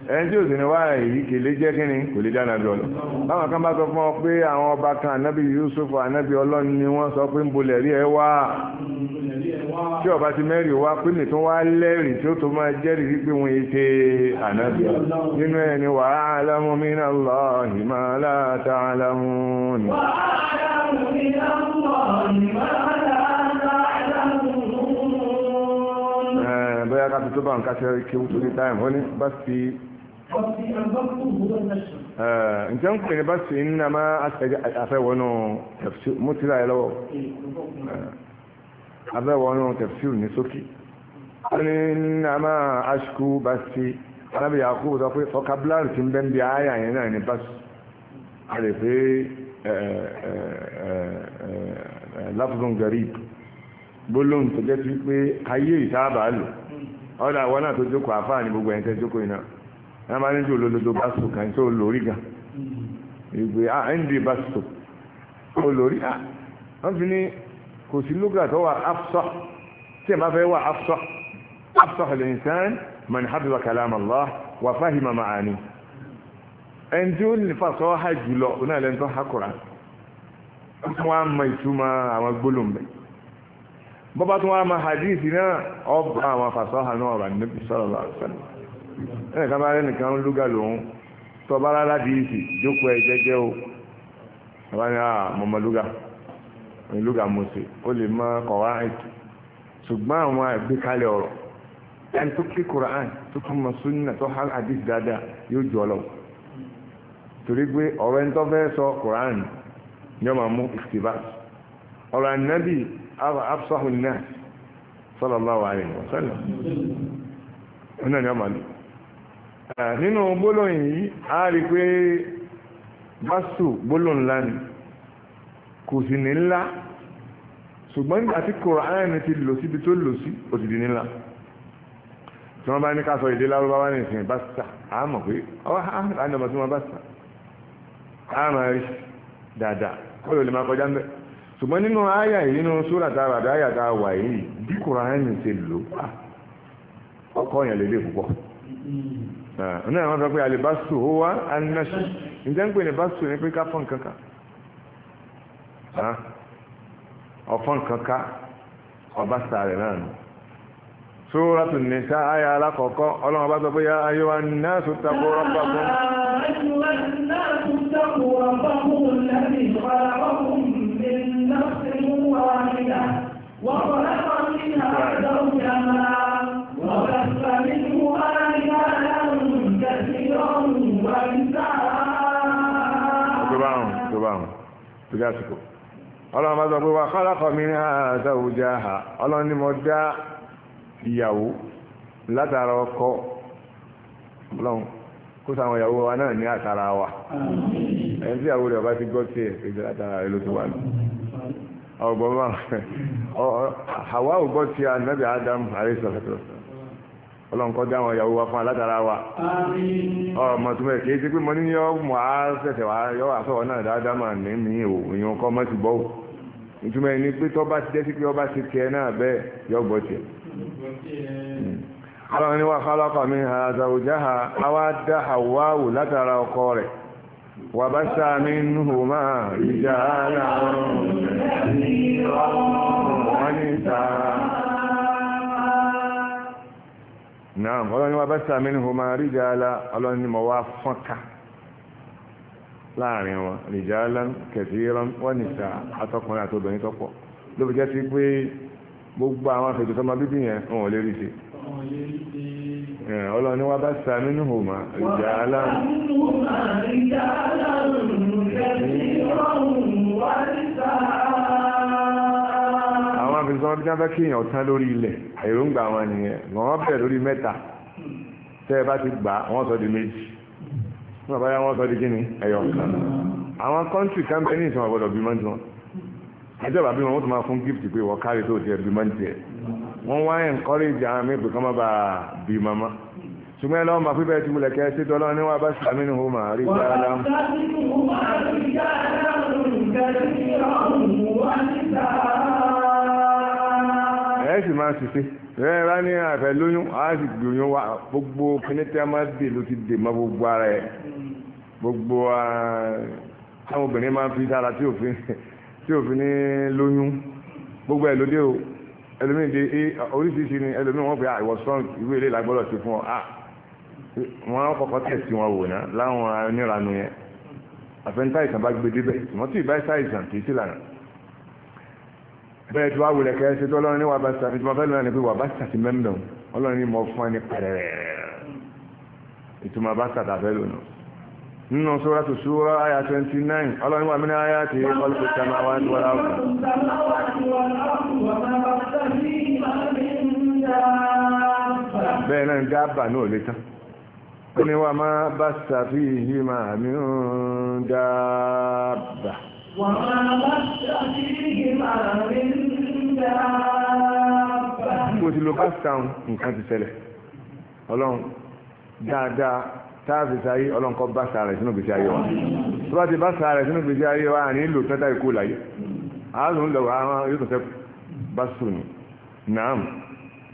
ẹni tí ò sì ní wá èyí kì í lè jẹ́ kí ni kò lè dáná bí ọlọ́ báwọn kan bá sọ fún ọ pé àwọn ọba kan ànábì Yusuf ànábì ọlọ́run ni wọ́n sọ pé ń bolẹ̀ rí ẹ wá tí ọba ti mẹ́rin wá pé mi tún wá lẹ́rìn tí ó tó máa jẹ́rìí wípé wọn ète ànábì nínú ẹ̀ ni wa a'lamu minallahi ma la ta'lamun ni. wa a'lamu minallahi ma la ta'lamun bóyá ká fi tó bá nǹkan ṣe kí ó tó ní táìmù ó ní bá fi nǹkan kò ní bá sì ń nà máa afẹ́wọ́nù tafsir mú tíra ẹ lọ́wọ́ afẹ́wọ́nù tafsir ní sókè ní nà máa aṣkú bá sí alábi yakubu sọ pé fọkabulari ti ń bẹ́ ń bi àyà yẹn náà ní bá sí a lè pé lafzun garib gbólóhùn tó jẹ́ sí pé ayé ìsáàbà lò ọ̀dà àwọn náà tó jókòó àfáà ní gbogbo ẹ̀ńtẹ́ jókòó náà ẹ máa ní jò lódodo bá sùn kàn tó lórí gan ìgbé à ń di bá sùn ó lórí à wọ́n fi ní kò sí lóga tó wà afsah tí ẹ máa fẹ́ wà afsah afsah al-insan man hafiza kalam Allah wa fahima ma'ani ẹni tí ó lè fà sọ́ ha jùlọ onáà lẹ́nu tó ha kura wọ́n wá ma ìtumọ̀ àwọn gbólóhùn bọ́bá tó wá ma hadith náà ọba àwọn afasọ́ha náà wà níbi sallallahu alaihi wasallam ẹnì kan bá rẹ nìkan ń lúgà lòun tó bá rárá di ìsì jókòó jẹ́jẹ́ o bàbá ní àà mọ̀mọ́ lúgà lúgà mọ̀ọ́sẹ̀ ó lè mọ ọ̀wá ẹ̀kì ṣùgbọ́n àwọn àgbékalẹ̀ ọ̀rọ̀ ẹni tó kí Quran tó tún mọ tó hàn àdìs dáadáa yóò jù Ah, nínú gbólóhùn yìí a rí pé básù gbólóhùn ńlá ni kò sì ní ńlá ṣùgbọ́n nígbà tí Kùránì ti lò síbi tó lò sí ó ńlá tí wọ́n bá ní ká sọ èdè wá ní ìsìn básítà a mọ̀ pé ọwọ́ ọmọ tí wọ́n rí dáadáa lè máa kọjá ṣùgbọ́n nínú àyà yìí nínú sóra tá a rà dáyà tá a wà yìí bí lò ah, ọkọ yẹn lè lè púpọ̀ Ah, náà wọ́n sọ pé àlèbásù ó wá anáṣù ǹjẹ́ ń pè ní básù ní pé ká fọ́n kankan ah, ọ̀fọ́n kankan ọba sàárẹ̀ náà nù sóòrátù nìta ayà alákọ̀ọ́kọ́ ọlọ́run bá sọ pé ya ayé wa náà tó takò rọ́pà fún wọ́n kọjá àsìkò ọlọ́run bá sọ pé wà khalaqa minha zawjaha ọlọ́run ni mo dá ìyàwó látara ọkọ ọlọ́run kó sáwọn ìyàwó wa náà ní àtara wa ẹni tí ìyàwó rẹ̀ ọba ti gbọ́ tiẹ̀ èdè látara rẹ̀ ló ti wà ní ọgbọ́n ọlọ́nkọjá àwọn ìyàwó wa fún alátara wa ọmọ túnbẹ̀ kìí sí pé ní yọ mọ̀ á sẹ̀sẹ̀ wá yọ àfẹ́wọ̀ náà dáadáa ní mi ò èèyàn kọ́ mọ́ pé bá ti jẹ́ sí pé ọba ti náà bẹ́ẹ̀ yọ gbọ́ ọlọ́run ni wà mi ha ha dá látara ọkọ rẹ̀ náà ọlọ́ni wa basa minhuma rijala ọlọ́ni mọ̀ wá fọ́nká láàrin wọn rijalan kathiran wa nisaa atọ́kùnrin àti obìnrin tọ́pọ̀ ló fi jẹ́ sí pé gbogbo àwọn afẹ́jọ́ tó máa bíbí yẹn wọn ò wa basa máa fi sọ bí wọ́n fẹ́ kí èèyàn tán lórí ilẹ̀ èròǹgbà wọn nìyẹn wọ́n bẹ̀ lórí mẹ́ta tẹ́ ẹ bá ti gbà wọ́n sọ di méjì wọ́n bá yá wọ́n sọ di kíni ẹ̀yọ̀ kan àwọn kọ́ńtì kan ní ìsìn ọ̀gbọ́dọ̀ bímọ tí wọn ìjọba bímọ wọn tún máa fún gift pé wọ́n kárí tó tiẹ̀ bímọ tiẹ̀ wọ́n wá encourage àwọn mẹ́gbẹ̀ kan máa bá bí mama ṣùgbọ́n ẹ lọ́wọ́ máa fi bẹ́ẹ̀ ti wulẹ̀ kẹ́ ẹ ṣètò níwọ̀n bá sàmì ní homa rí dára láwọn. wọ́n bá ẹ̀ sì máa ṣiṣẹ́ rẹ̀ bá ní àfẹ́ lóyún á sì gbòyún wá gbogbo kẹ́lẹ́tẹ́ máa dè ló ti dè mọ́ gbogbo ara ẹ̀ gbogbo àwọn obìnrin máa ń fi sára tí òfin tí òfin ní lóyún gbogbo ẹ̀ lóde o ẹlòmíì de oríṣiríṣi ni ẹlòmíì wọ́n fi àìwọ̀ sọ́ọ̀n ìwé ilé ìlàgbọ́dọ̀ ti fún ọ wọ́n kọ́kọ́ tẹ̀sí wọn wò ná láwọn onírànú yẹn àfẹ́ntà ìsàn bá gbé débẹ̀ ìmọ̀tí ìbá ìsàn kì í sí lànà bẹ́ẹ̀ tí wàá wulẹ̀ kẹ́ẹ́ ṣe tó ọlọ́run ní wàá bá sàfi tí wọ́n fẹ́ lọ́nà ni pé wàá bá sàfi mẹ́mdọ̀n ọlọ́run ní mọ̀ fún ẹni pẹ̀rẹ̀rẹ̀ ìtumọ̀ bá sàtà fẹ́ lónà nínú sọ́ra tó sọ́ra àyà 29 ọlọ́run wà mínú àyà tí ọlọ́pẹ̀ sàmà wà ní wàrà ọ̀gbọ̀n. bẹ́ẹ̀ náà ń dábà náà lé tán ó ní wàá má bá sàfi yìí máa mí ń dábà mo ti lo past town nǹkan ti ṣẹlẹ̀ ọlọ́run dáadáa táàfì sáyé ọlọ́run kọ́ bá sáà rẹ̀ sínú gbèsè ayé wa tó bá ti bá sáà rẹ̀ sínú gbèsè ayé wa àní lò tẹ́tà ikú láyé àádùn lọ àwọn yóò tẹ̀sẹ̀ bá sùn ní naam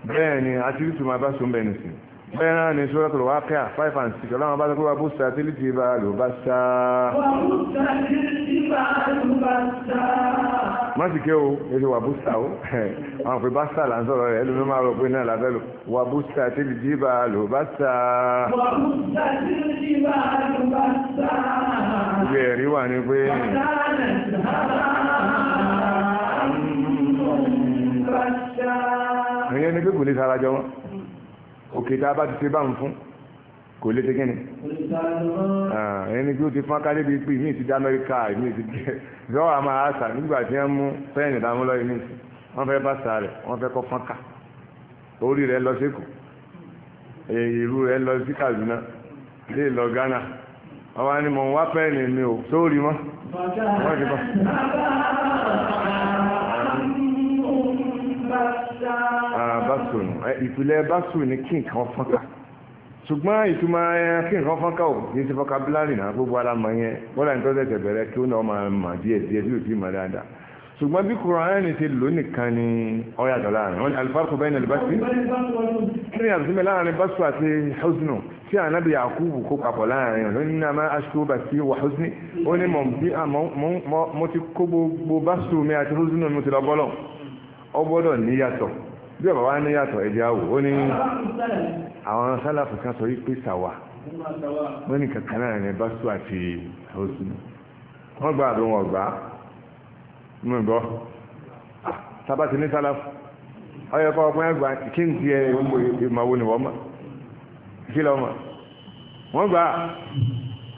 bẹ́ẹ̀ ni àti yóò tún máa bá sùn bẹ́ẹ̀ nìsín bẹ́ẹ̀ náà ni Suratul Waqi'a five and six ọlọ́run bá sọ pé wà bú sa tí lítì bá lò bá sá. má sì ké o èdè wà bú sa o àwọn pé bá sá là ń sọ̀rọ̀ rẹ̀ ẹlòmí máa rọ pé náà làbẹ́ lò wà bú sa tí lítì bá lò bá sá. ìwé ẹ̀rí wà ní pé. ìyẹn ni pé kò lè sarajọ wọn òkè tá a bá ti ṣe báwọn fún kò lè ṣe kí ni. Ah, ẹni tí ó ti fọ́n kálé bíi pé ìmí ti dé amẹ́ríkà ìmí ti dé lọ́wọ́ àmọ́ àṣà nígbà tí wọ́n mú fẹ́ẹ̀nì dáhùn lọ́yìn ní ìsìn wọ́n fẹ́ bá sa rẹ̀ wọ́n fẹ́ kọ́ fọ́n ká orí rẹ̀ lọ sí kù èrú rẹ̀ lọ sí Kaduna lè lọ Ghana ọwọ́ ni mò ń wá fẹ́ẹ̀nì mi ò sóòrì mọ́ báṣù nù ìpìlẹ̀ báṣù ni kí nǹkan fọ́nká ṣùgbọ́n ìtumọ̀ kí nǹkan fọ́nká ò ní ti fọ́nká bílárì náà gbogbo alámọ̀ yẹn bọ́lá ní tọ́sẹ̀ bẹ̀rẹ̀ kí ó náà máa mà díẹ̀ díẹ̀ tí ò tí mà dáadáa ṣùgbọ́n bí kùránì ti lò nìkan ni ọyà tó láàrin wọn alifarku bẹ́ẹ̀ ni alibasi kí ni àbùsùnmẹ́ láàrin basu àti husnu tí ànábì yakubu kó papọ̀ láàrin ọ̀nà ní àmà aṣọ basi wà husni ó ní mọ̀ bí mo ti kó gbogbo basu mi àti husnu mi ti lọ bọ́lọ̀ ó gbọ́dọ̀ níyàtọ̀ bí ọ̀bá wá níyàtọ̀ ẹ̀dẹ̀ àwò ó ní àwọn sálàfù kan sọ wípé sàwà wọ́n ní kankan náà ní báṣu àti oṣù wọ́n gba àbí wọn gbà mú gbọ́ sábà ti ní sálàfù ọyọ kọ́ ọpọ́n ẹgbà kí n tiẹ̀ ìmọ̀wó ni wọ́n mọ̀ kí lọ́ mọ̀ wọ́n gbà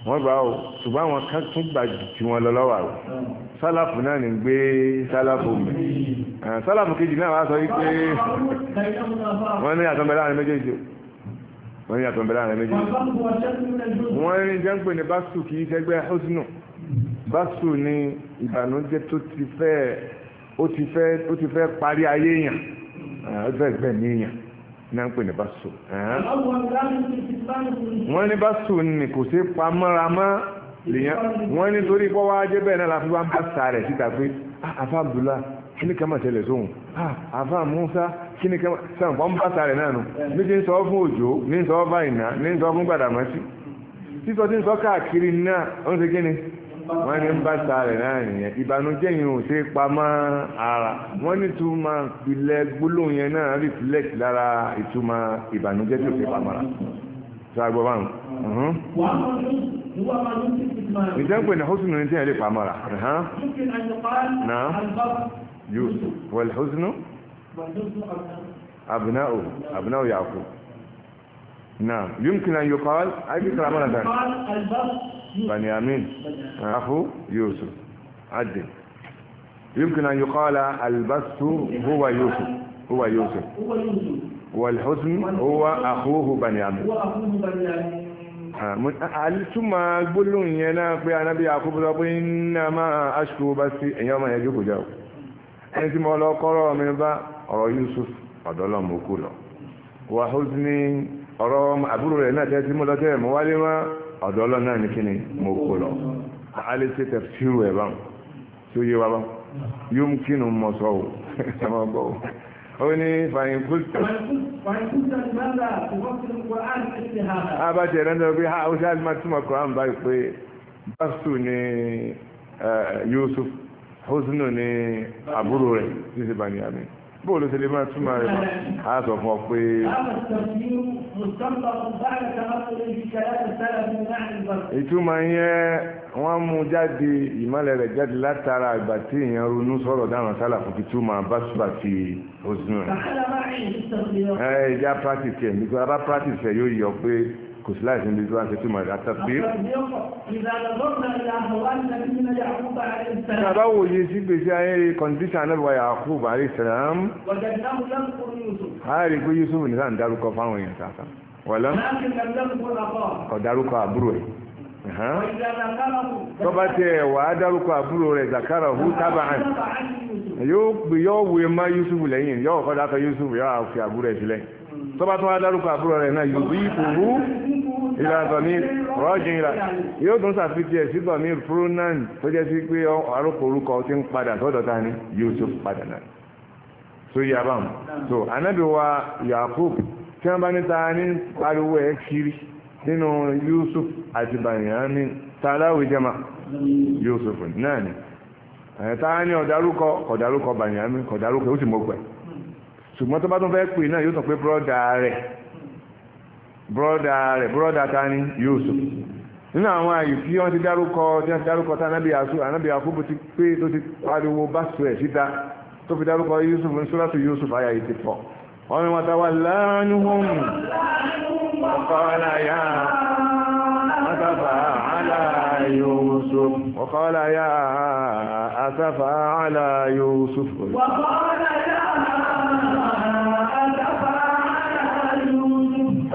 wọ́n gbà ó ṣùgbọ́n àwọn kan tún gbà jù wọn lọ lọ́wọ́ àwọn sálàfù náà ní gbé sálàfù mi sálàfù kejì náà wá sọ wípé wọ́n ní àtọ́mẹ́ láàrin méjèèjì wọ́n ní àtọ́mẹ́ láàrin méjèèjì wọ́n ní jẹ́ ń pè ní báṣù kì í sẹ́gbẹ́ hósínù báṣù ni ìbànújẹ́ tó ti fẹ́ ó ti fẹ́ ó ti fẹ́ parí ayé yàn ó ti fẹ́ gbẹ̀mí yàn náà ń pè ní báṣù. wọ́n ní báṣù ni kò sí pamọ́ra mọ́ lèyàn wọ́n ní torí pọ́wọ́ ajẹ́ bẹ́ẹ̀ náà la wá ń bá sa síta pé afábùlá ah, kíní kan máa tẹ̀lẹ̀ sóhun àfà Musa kíní kan sàn pọ́n bá sàrẹ̀ náà nù ní ti ń sọ fún òjò ní ń sọ bá ìná ní ń sọ fún gbàdàmọ́sí sísọ tí ń sọ káàkiri náà ó ń ṣe kíni wọ́n ní ń bá sàrẹ̀ náà nìyẹn ìbànújẹ́ yìí ò ṣe pa mọ́ ara wọ́n ní túmọ̀ ìpìlẹ̀ gbólóhùn yẹn náà rìflẹ́kì lára ìtumọ̀ ìbànújẹ́ tí ò ṣe pa mọ́ra sàgbọ́ bá ń ìjẹ́ ń pè ní hósùnù ní tí يوسف والحزن أبناؤه أبناء يعقوب نعم يمكن أن يقال أي فكرة مرة ثانية بنيامين أخو يوسف عدل يمكن أن يقال البس هو يوسف هو يوسف والحزن هو أخوه بنيامين آه، ثم gbólóhùn يا نبي يعقوب anábí àkóbọ́sọ́ pé ń náà máa aṣkú ẹni tí mo lọ kọ́rọ̀ mi bá ọ̀rọ̀ Yusuf ọ̀dọ́lọ́mọkú lọ wàhùs ní ọ̀rọ̀ àbúrò rẹ̀ náà tẹ́tí mo lọ́tẹ́ mo wálé wá ọ̀dọ́lọ́ náà ní kíni mo kó lọ alẹ́ ṣe tẹ̀síwò ẹ̀ bá tí ó yé wa bá yóò mú kínú mọ sọ o ẹ máa gbọ́ o ó ní fàyín kúlùtà. abájẹ́ ìrẹ́ndọ̀ pé ha ó ṣáà máa túmọ̀ Kùránì báyìí pé báṣù ni hosùnù ní àbúrò rẹ̀ tí ṣe bani àmì bó ló ṣe lè máa túmọ̀ rẹ̀ á sọ fún ọ pé. ìtumọ̀ yẹn wọ́n mú jáde ìmọ̀lẹ̀ rẹ̀ jáde látara ìgbà tí èèyàn ronú sọ̀rọ̀ dáhùn sálà fún kí báṣubà ti hosùnù rẹ̀. ẹ ẹ já practice ẹ̀ nígbà bá practice ẹ̀ yóò yọ pé kò sí láìsí ibi tí wọ́n tí mọ̀ ìdátà bí. Tàbá wò sí gbèsè ayé kọ̀ǹdíṣà náà wà Yakub alayhi salam. A rí pé Yusuf ní sáà ń dárúkọ fáwọn èèyàn sáà. Wọ̀lọ́. Kọ̀ dárúkọ àbúrò ẹ̀. Tọ́ba tí ẹ̀ wà á dárúkọ àbúrò rẹ̀ Zakara hu tábàán. Yóò wé má Yusuf lẹ́yìn, yóò kọ́ dákọ̀ Yusuf yóò fi àbúrò ẹ̀ sílẹ̀ tọ́bá tó wá dárúkọ àbúrò rẹ̀ náà yóò bí ìfòrú ìlàdọ̀mí rọ́jìn ìlà yóò tún sàfihàn ẹ̀ síbọ̀ ní pronan tó jẹ́ sí pé àrókò orúkọ tí ń padà sọ́dọ̀ ta ni yóò tó padà náà so yà bá mu so anábì wa Yakub tí wọ́n bá ní ta ní pariwo ẹ̀ kiri nínú Yusuf àti Banyamin tàdáwì jẹ́mà Yusuf náà ni ta ní ọ̀dárúkọ ọ̀dárúkọ Banyamin ọ̀dárúkọ ó sì mọ̀ pẹ̀lú ṣùgbọ́n tó bá tún fẹ́ pè náà yóò sọ pé bọ́ọ̀dà rẹ̀ bọ́ọ̀dà rẹ̀ bọ́ọ̀dà ta ni Yusuf nínú àwọn àyè tí wọ́n ti dárúkọ tí wọ́n ti dárúkọ tá anábì àkóbò ti pé tó ti pariwo bá sọ ẹ̀ síta tó fi dárúkọ Yusuf ní sọ́lá tó Yusuf ayà yìí ti pọ̀ wọ́n ni wọ́n ta wà láàánúhùn ọ̀kọ́ọ̀lá yá àtàfà àlà Yusuf ọ̀kọ́ọ̀lá yá àtàfà àlà Yusuf ọ̀kọ́ọ̀lá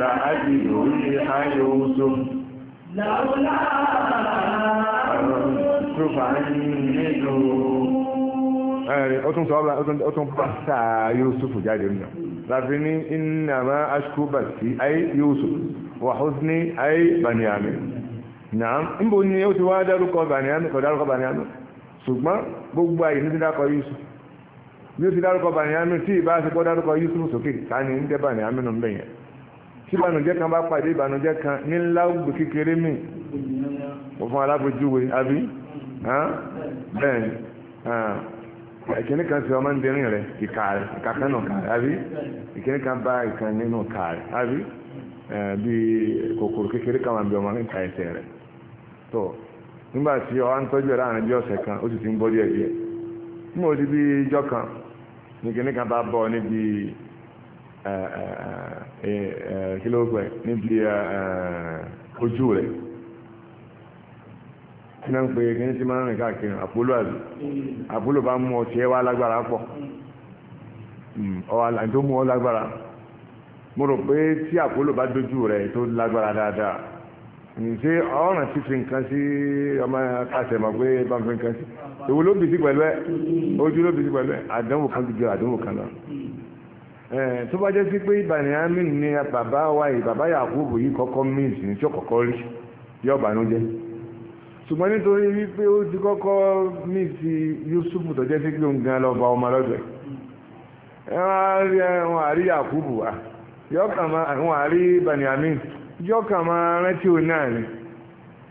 لأبي يوسف لولا أنصف عنه ẹ̀rin ó tún sọ́ọ́bà ó tún pàṣà Yusuf jáde nù láti ní innama ashku bathi ay Yusuf wa huzni ay Banyamin náà ń bò ní ó ti wá dárúkọ Banyamin kọ̀ dárúkọ Banyamin ṣùgbọ́n gbogbo àyè ní ti dákọ̀ Yusuf bí ó ti dárúkọ Banyamin tí ìbá ti pọ́ dárúkọ Yusuf sókè ta ni ń dẹ́ Banyamin nù ń bẹ̀yẹn tí ìbànújẹ́ kan bá pàdé ìbànújẹ́ kan ní ńlá ògbò kékeré mi mo fún alábòjúwe àbí bẹ́ẹ̀ ìkíní kan sí ọmọdérin rẹ̀ ìka rẹ̀ ìka kan náà kàrẹ̀ àbí ìkíní kan bá ìkan nínú kàrẹ̀ àbí bí kòkòrò kékeré kan wà bí ọmọ níta ẹsẹ̀ rẹ̀ tó nígbà tí ọ ń tọ́jú ẹ̀ láàrin bí ọ̀sẹ̀ kan ó sì ti ń bọ́ díẹ̀ díẹ̀ nígbà tí bí ijọ́ kan ìkíní kan bá bọ́ níbi kí ló pẹ̀ níbi ojú rẹ̀ tí náà ń pè kí ní sí máa ń rìn káàkiri àpólò àbí hmm. àpólò bá mú ọtí ẹ wá lágbára pọ̀ hmm. hmm, ọ̀hàlà tó mú ọ lágbára mo rò pé tí àpólò bá dojú rẹ̀ tó lágbára dáadáa ti fi nǹkan sí ọmọ akásẹ̀mọ̀ pé bá ń fi nǹkan sí èwo bìí sí ẹ ojú ló bìí sí ẹ àdánwò kan àdánwò kan Eh, tó bá jẹ́ sí pé ìbànú amin ni bàbá wa yìí bàbá Yakubu yìí kọ́kọ́ mint ní tí ó rí bànújẹ́ ṣùgbọ́n nítorí wípé ó ti kọ́kọ́ mint tó jẹ́ Yakubu wa yóò kàn àwọn àrí ìbànú rántí òun náà ni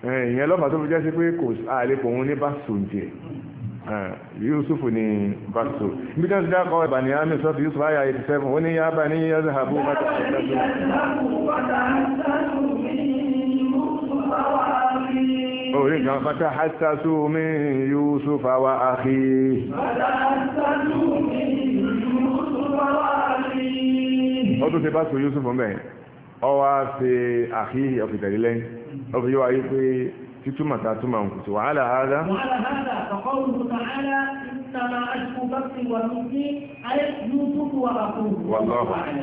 eh, ìyẹn tó jẹ́ sí pé kò àlepọ̀ òun ní bá sùn jẹ́ yusuf ni basu bí dáa dáa kọ́ ẹ̀bà ní àmì sọ́tù yusuf ayà 87 ó ní yába ní yẹ́zẹ̀ àbú bàtà orí kan fata hasasu min yusuf wa akhi ó tún ti basu yusuf mẹ́ ọwá ṣe àkí ọ̀fìtẹ̀lẹ́lẹ́yìn ó fi yíwa yí pé títúmọ̀ tá túmọ̀ ń kù sí wàhálà hádá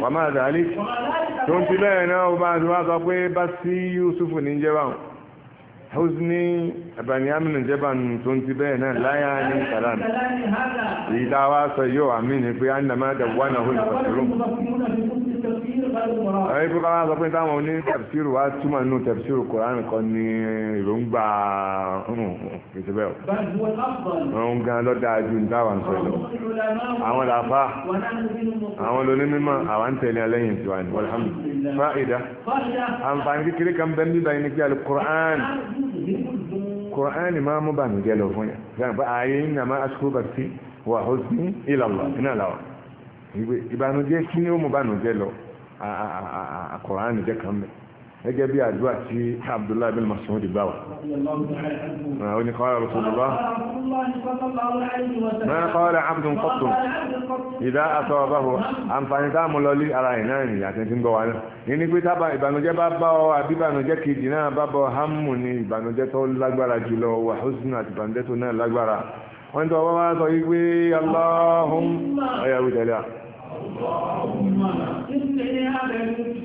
wà máa dàálé tó ń ti bẹ́ẹ̀ náà ó bá ti pé bá sí Yúsúfù ní jẹ́ báwọn husni ẹ̀bàní amínú jẹ́bàánu tó ń ti bẹ́ẹ̀ náà láyá ní sàlámù èyí tá a wá sọ yóò àmì ní pé á ń dàmá dà wà náà hóyè tafsiru ẹ̀rí pé káwá sọ pé táwọn oní tafsiru wá túmọ̀ nínú tafsiru kòránì kan ní èròǹgbà ìṣẹ̀bẹ̀ ọ̀hún gan lọ́dà ju dáwà ń sọ lọ àwọn làfà àwọn lónímọ̀ àwọn tẹ̀lé alẹ́yìn tiwa ni wàlhámù fáìdá àǹfààní kékeré kan bẹ́ẹ̀ nígbà yìí ní pé alukur'an Kùránì máa mú bàmìjẹ́ lọ fún yà gbàgbà ayé ń nàmá asukúbàtí wà ó sí ìlàlọ́ iná làwà ìbànújẹ́ kí ni ó mú bàmìjẹ́ lọ Kùránì jẹ́ kan mẹ́ gẹ́gẹ́ bí àdúrà tí Abdullahi bin Mas'ud bá wà ah, ó ní qala Rasulullah ma qala abdun qattu idha asabahu àǹfààní táàmù lọ lé ara ìná ìrìn àti tí ń bọ̀ wá náà nínú pé tábà ìbànújẹ́ bá bá ọ àbí ìbànújẹ́ kejì náà bá bọ hamu ni ìbànújẹ́ tó lágbára jùlọ wà husn àti Allahumma ọ̀yà wí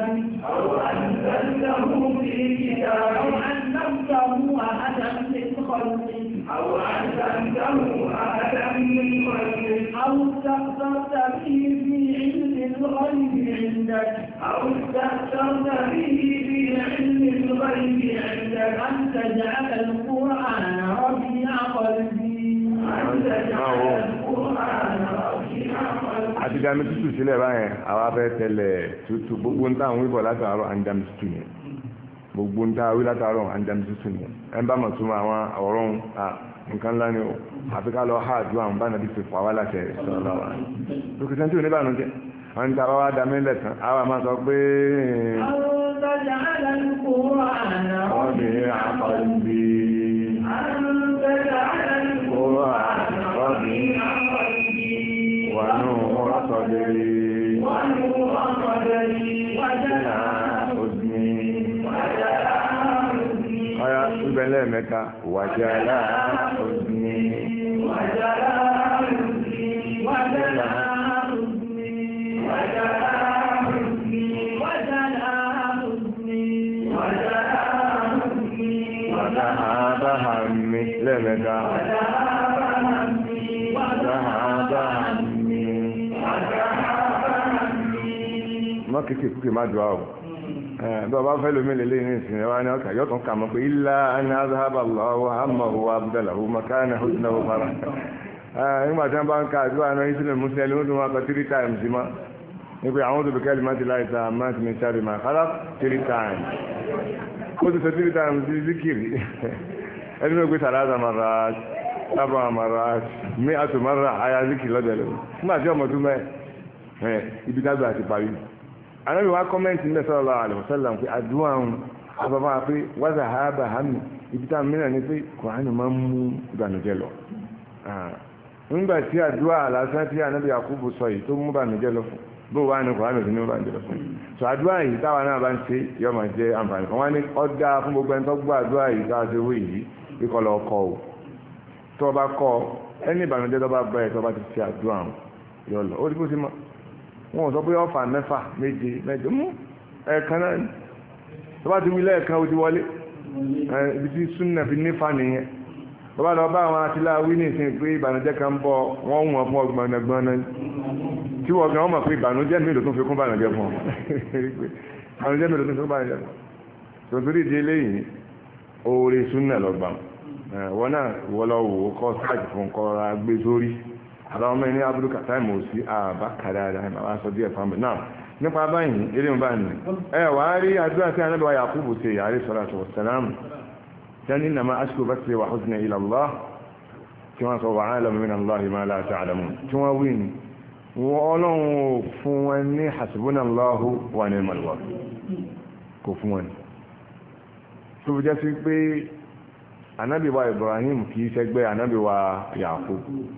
أو أن تبتغوا أحدا من خلقه أو أن تبتغوا أحدا من خلقه أو استأثرت به في علم الغيب عندك أو استأثرت به في علم الغيب عندك أن تجعل القرآن ربيع قلبي أن تجعل القرآن ربيع قلبي àti dàmí tútù sílẹ̀ báyẹn àwa fẹ́ tẹ̀lé tútù gbogbo ń tàn wíbọ̀ látàárọ̀ àǹdàmì tútù yẹn gbogbo ń ta wí látàárọ̀ àǹdàmì tuntun ni ẹ ń bá mọ̀ túmọ̀ àwọn ọ̀rọ̀ ń ta nǹkan ńlá ni ó àfi ká lọ ha àdúrà ń bá nàbí fi fà wá láti ẹ̀rẹ̀ sọ̀rọ̀ lọ́wọ́ lókè tí a wà máa bẹ lẹ́ẹ̀mẹ́ta wàjálà òní wàjálà òní wàjálà òní wàjálà òní wàjálà òní wàjálà òní wàjálà àbáhàmì lẹ́ẹ̀mẹ́ta wàjálà àbáhàmì kúkì má dùn áwọ̀. Eh, bí ọba fẹ́ lómi lè léyìn ìsìn ẹwà ní ọkà yóò tún kà mọ́ pé ilá aná zábà lọ́wọ́ àmọ̀wò abdallahu makana husnahu fara eh, nígbà tí wọ́n bá ń ka àdúrà náà ìsìlẹ̀ musulẹ̀ ló tún wá kọ three times mọ́ ní pé àwọn tó bẹ̀kẹ́ lè má ti láì sáà má mi sáré máa kálá three times ó ti sọ three times sí zikiri ẹni tó gbé sàrázà mara sábà mara mi àtùmọ́ra àyà zikiri lọ́dẹ̀ lọ́dẹ̀ nígbà tí ọmọ tún mẹ́ eh, ibi dágbà ti parí anábì wá kọ́mẹ́ntì ń bẹ̀ sallallahu alaihi wasallam pé àdúrà ń ababa pé wáza ha bá ha mi ibi tá a mìíràn ni pé kòránì máa ń mú ìbànújẹ́ lọ nígbà tí àdúrà lásán tí anábì Yakubu sọ yìí tó mú ìbànújẹ́ lọ fún bó wà ní kòránì òsì ní ìbànújẹ́ lọ fún sọ àdúrà yìí táwa náà bá ń ṣe yọ máa jẹ àǹfààní kan wá ní ọdá fún gbogbo ẹni tó gbọ́ àdúrà yìí tá a ṣe o tó o bá wọn ò sọ pé ọ̀fà mẹ́fà méje mẹ́jọ mú ẹ̀ẹ̀kan náà ni tó bá ti wí lẹ́ẹ̀kan ó ti wọlé ibi tí súnà fi nífà nìyẹn tó bá lọ bá àwọn atilá wí ní ìsìn pé ìbànújẹ́ kan bọ̀ wọ́n ń wọ̀n fún ọgbọ̀nàgbọ̀n náà tí wọ́n gan ọmọ pé ìbànújẹ́ mélòó tó fi kún ìbànújẹ́ fún ọ ìbànújẹ́ mélòó tó fi kún ìbànújẹ́ fún ọ tòtúrì ìdí eléyìí oore súnà lọ wọn náà wọlọ́wọ́ kọ́ sáàjì fún kọ́ra gbé àwọn ọmọ ẹni abúrúkà táìmù sí àbá kàdáadá àwọn aṣọ díẹ̀ fáwọn náà nípa báyìí eré ń bá ní ẹ wà á rí àdúrà tí anábì wa Yakubu ṣe yàrá salatu wa salam tani nàmá ashku bathi wa huzni ila Allah tí wọ́n sọ wa a'lamu tí wọ́n wí ni wọ́n ọlọ́run ò fún wọn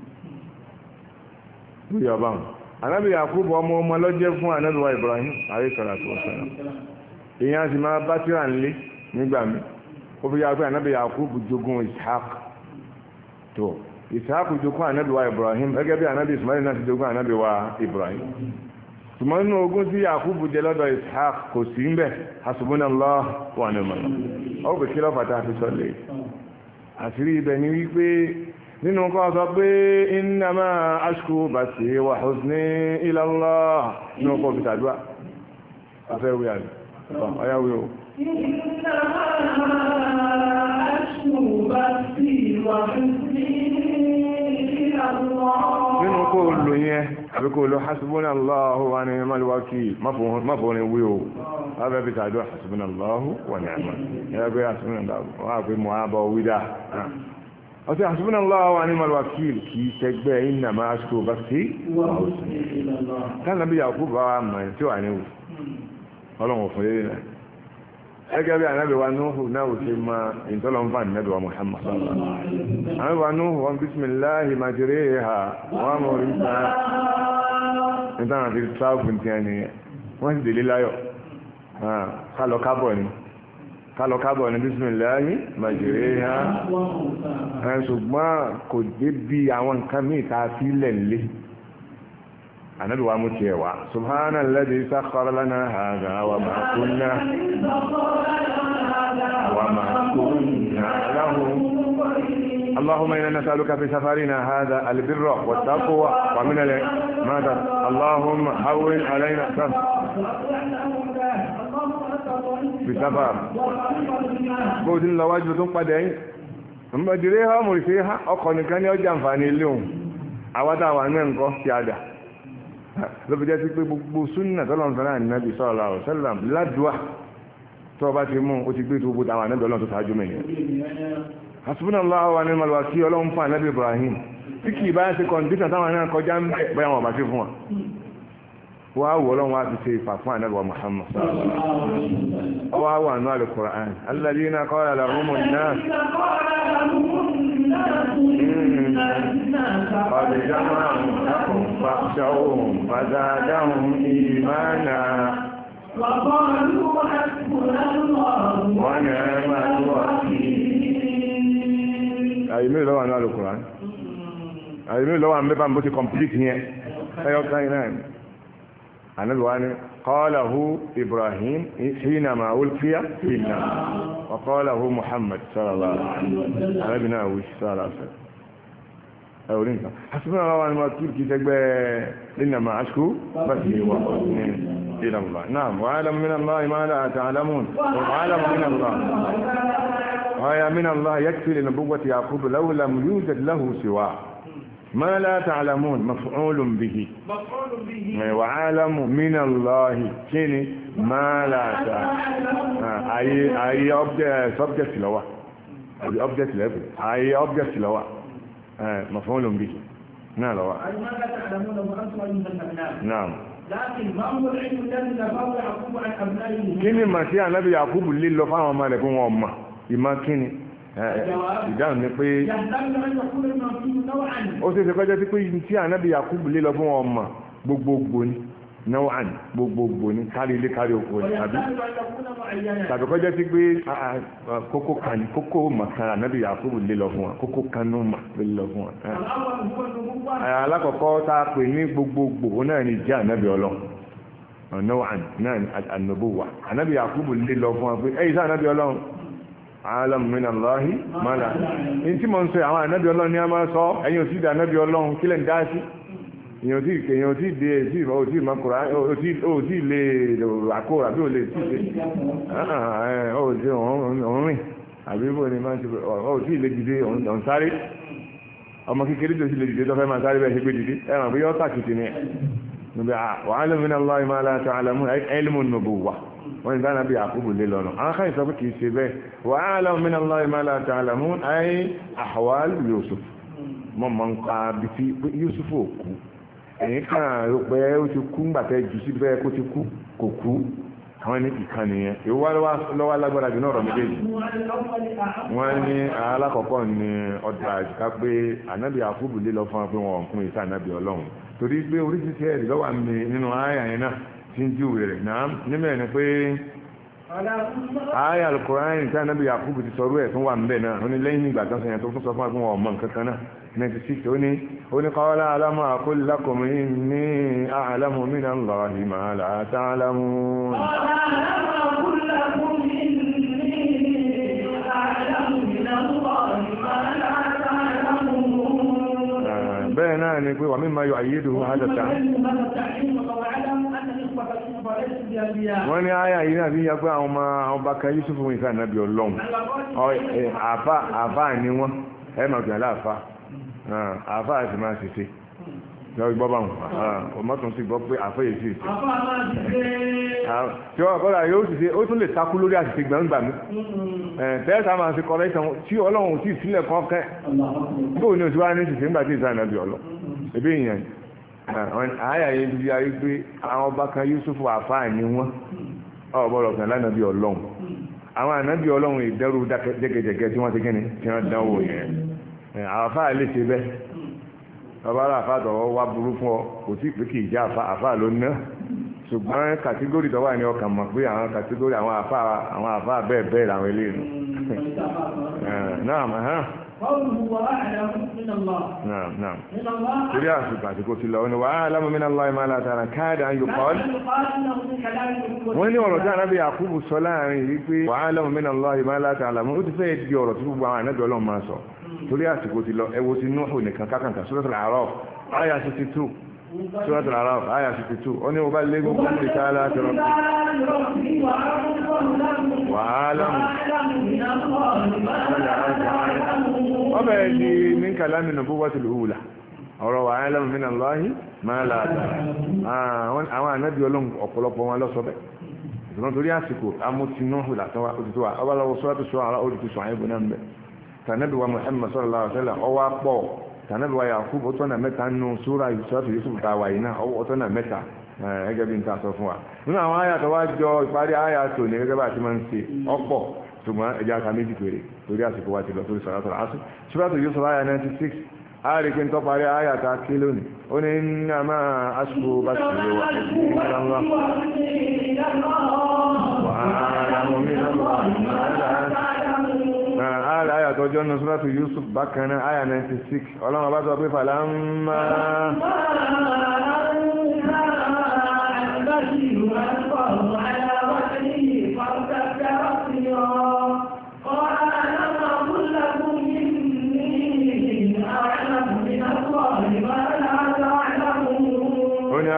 tó yọ bá wọn anábì Yakubu ọmọ ọmọ lọ́jẹ́ fún anábìwá Ibrahim àríkọ̀rọ̀ àti ọ̀sán èèyàn sì máa bá tíra ńlé nígbà mi ó fi yára pé anábì Yakubu jogún Ishaq tó Ishaq jogún anábìwá Ibrahim gẹ́gẹ́ bí anábì Ismail náà ti jogún anábìwá Ibrahim tùmọ̀ nínú ogún tí Yakubu jẹ lọ́dọ̀ Ishaq kò sí ń bẹ̀ hasbunallah wa ni'mal wakeel ó bèkí lọ́fà tá a fi sọ lé àṣírí ibẹ̀ ni wípé nínú kọ́ sọ pé innama ashku bàtí wà ila Allah nínú kọ́ afẹ́ wí àrí ọ̀yá wí o nínú lò yẹn àbí kò lọ hasbunallahu wa ni'mal wakil máfòrin wí o afẹ́ fìtàdúwà wa mọ́ ọ̀tí àṣìbínà lọ́wọ́ wa ní malwakil kì í tẹgbẹ́ iná máa ṣkò bá sí tánàbí yàkú bá wa mọ̀ tí wà níwò ọlọ́run fún lélẹ̀ náà ẹgẹ́ bí anábì wa núhù náà ò ṣe ma ìtọ́lọ́nfà nínú wa Muhammad anábì wa núhù wọn bísmìláhì màjírí ha wọn mọ̀ orí ta nítorí àti sáàfù tí wọ́n sì délé láyọ̀ kálọ̀ kábọ̀ ni kálọ kábọ̀ ní bísmìláhì màjèréhà ẹ̀ ṣùgbọ́n kò dé àwọn kami ta sílẹ̀ nílé ànábì wa mú subhanalladhi sakhkhara lana hadha wa ma kunna wa ma kunna lahu اللهم إنا نسألك في سفرنا هذا البر والتقوى ومن ماذا اللهم حول علينا سفر fi sáfà bó ti ń lọ wájú tó ń padà yín mọ̀dìrẹ́ ha mọ̀ sí ọkọ̀ nìkan ní ọjà àǹfààní ilé òun àwádà wà ní ẹ̀ńkọ́ ti àdà lọ́bi jẹ́ sí pé gbogbo súnà tọ́lọ̀ ń fẹ́ràn ànábì sọ́ọ̀lá ọ̀sẹ́lá ládùá tó ọba ti mú o ti gbé gbogbo àwọn ànábì ọlọ́run tó ṣáájú mẹ́yìn hasbunallahu wa ni'mal wakeel ọlọ́run fún ànábì Ibrahim tí kì í bá ṣe kọ̀ǹdíṣàn táwọn náà kọjá ń bẹ̀ bẹ́ẹ̀ wọ́n á wọ́lọ́ wọn á ti ṣe ìfàfún ànábọ̀ Muhammad ọwọ́ àwọn àánú al-Qur'an alladhina qala lahumun nas قد جمعوا لكم فاخشوهم فزادهم إيمانا وقالوا حسبنا الله ونعم الوكيل أي مين لو أنا القرآن أي مين لو أنا بقى بوتي كومبليت هنا أيوة كاين أنا دواني قاله إبراهيم حينما ألقي في النار وقاله محمد صلى الله عليه وسلم على ابن صلى الله عليه وسلم أولين كم حسبنا الله عن مكتوب إنما عشكو بس هو إلى الله نعم وعلم من الله ما لا تعلمون وعلم من الله وعلم من الله يكفي لنبوة يعقوب لو لم يوجد له سواه ما لا تعلمون مفعول به مفعول به وعالم من الله كني ما لا تعلمون اي اي اوبجكت سبجكت لو اي اوبجكت ليفل اي اوبجكت لو مفعول به نعم لو اي ما لا تعلمون وانتم علمتم نعم لكن ما هو العلم الذي نفاه يعقوب عن ابنائه كني ما سي النبي يعقوب لله فاهم ما لكم وما يما كني Eh, ìdáhùn ni pé ó ṣe é ṣe kọjá sí pé yìí tí ànábì Yakubu lé lọ fún ọmọ gbogbogbò ni náwàn gbogbogbò ni kárí ilé kárí oko ni àbí tàbí kọjá sí pé kókó kan ní kókó màkàn ànábì Yakubu lé lọ fún wa kókó kan ní mà lé lọ fún wa. Eh, alákọ̀ọ́kọ́ tá a pè ní gbogbogbò náà ni jẹ́ ànábì Ọlọ́run náwàn náà ni ànábì wà ànábì Yakubu lé lọ fún wa pé ẹ̀yìn sá ànábì Ọlọ́run alam min allahi mala in tí mo ń sọ àwọn ànábì ọlọ́run ní a máa sọ ẹ̀yin ò sí ìdá ànábì ọlọ́run kílẹ̀ ń dá sí èyàn tí èyàn tí dé èsì ìmọ̀ òtí ìmọ̀ kura òtí òtí lè àkó àbí ò lè tí lè òtí òun rìn àbí bò ní máa ń ṣe òtí lè dìde òun sáré ọmọ kékeré tó ti lè dìde tó máa sáré bẹ́ẹ̀ ṣe pé dìde ẹ ràn bí yọ́ tàkìtì ni ẹ̀ wàhálà mi náà lọ́ọ́ ìmọ̀ aláṣọ àlámù ẹ̀ ẹ̀ wà wọ́n ìdáná bí àkúbù lé lọ́nà àwọn kan ìsọ́pù kìí ṣe bẹ́ẹ̀ wà á lọ mí náà lọ́yìn máa láta àlàmú ayé àwàlù Yusuf mọ́ mọ́ ń pa bí tí Yusuf ò kú ẹ̀yìn kan rò pé ó ti kú ńgbà tẹ́ jù sí bẹ́ẹ̀ kó ti kú kò kú àwọn ní ìkan nìyẹn ìwà lọ́wọ́ lágbára jù náà rọ̀ méjèèjì wọ́n ní alákọ̀ọ́kọ́ ni ọ̀dà àjùká pé ànábì àkúbù lé lọ fún wa pé wọn kún ìta ànábì ọlọ́run torí pé oríṣiríṣi ẹ̀rí lọ́wọ́ mi nínú ààyè yẹn náà tí ń júwe rẹ̀ náà nímẹ̀ ni pé ayé alukóraní tí anábì Yakubu ti sọrú ẹ̀ tún wà níbẹ̀ náà ó ní lẹ́yìn ìgbà tó sẹyìn tó tún sọ fún ọmọ nǹkan náà ninety six ó ní ó ní kọ́lá alámọ̀ mí wọ́n ní àyà yìí náà fi yẹ pé àwọn ọmọ ọba kan Yusuf wọn ìfẹ́ ànábì ọlọ́run àfà àfà ni wọ́n ẹ máa gbìyànjú àfà àfà àti máa ṣèṣe lọ́wọ́ gbọ́ bá wọn ọmọ tó ń sì gbọ́ pé àfà yìí sì ṣe. tí wọ́n kọ́ra yóò ṣiṣẹ́ ó tún lè takú lórí àṣìṣe gbàǹgbà mi tẹ́sà máa ṣe kọ́ra ìṣàn tí ọlọ́run ò tí ì sílẹ̀ kọ́kẹ́ kóò ní oṣù wa ní ṣiṣẹ́ nígbà tí ìṣàn ànábì ọlọ́ àyà yẹn bí ayé pé àwọn ọba kan Yusufu àfáà ní wọn ọ̀bọ̀rọ̀ kan lánàá bí ọlọ́run àwọn ànábì ọlọ́run ìdẹ́rù jẹ́gẹ̀jẹ̀gẹ̀ tí wọ́n ti gẹ́ni tí wọ́n dánwò yẹn àwọn àfáà lè ṣe bẹ́ẹ̀ ọba àfáà tọ̀wọ́ wá burú fún ọ kò sí pé kì í jẹ́ àfáà ló ná ṣùgbọ́n kàtígórì tọ́wọ́ ni ọkàn mọ̀ pé àwọn kàtígórì àwọn àfáà bẹ́ẹ̀ bẹ́ẹ̀ làwọn eléyìí nísìn náà náà náà torí àsìkò àsìkò ti lọ wọn ni wàá alamu min Allah ma la ta'ala káàdà ń yọ pọ́l wọ́n ní ọ̀rọ̀ tí anábì Yakubu sọ láàrin yìí pé wàá alamu min Allah ma la ta'ala mú ó ti fẹ́ di ọ̀rọ̀ tí gbogbo àwọn ànábì Ọlọ́run máa sọ hmm. torí àsìkò ti lọ ẹ wo ti Nuhu nìkan kákàǹkà Suratul A'raf àyà sixty two Suratul A'raf àyà sixty two ó ní wọ́n bá lé gbogbo nìkan láti rọ̀ ọbẹ̀ di ní kàlámì nàbó wá tìlú hùlà ọ̀rọ̀ wà á lẹ́mù mìíràn lọ́hìn máa láàdá àwọn ànábì ọlọ́run ọ̀pọ̀lọpọ̀ wọn lọ́sọ bẹ́ẹ̀ ìṣòro torí àsìkò amútinú hùlà tó wá òtútù wa ọba lọ́wọ́ sọ́ọ́tù sọ́ọ́ àrà òtútù sọ́ọ́ àyẹ̀bù náà ń bẹ̀ tànàbì wa Muhammad sallallahu alaihi wasallam ọwọ́ pọ̀ tànàbì wa Yakub ọtọ́nà mẹ́ta nù sóra ìṣọ́ọ̀tù Yusuf tàwa yìí náà ọwọ́ ọtọ́nà mẹ́ta gẹ́gẹ́ bí n ta sọ fún wa nínú àwọn àyà tó wá jọ ìparí àyà tó ní gẹ́gẹ́ bá ti máa ń ṣe ọ̀pọ̀ ṣùgbọ́n ẹja ta méjì péré torí àsìkò wa ti lọ sórí sọ̀rọ̀ sọ̀rọ̀ àṣù ṣùgbọ́n Yusuf àyà 96 àárí pé ń tọ́ parí àyà ta kí lónìí ó ní ní àmà àṣù bá ti lè wà ìgbàlá ààrẹ àyà tọjọ́ náà sọ́lọ́tù Yusuf bákan náà àyà 96 ọlọ́run bá sọ pé fàlámà كلكم على قال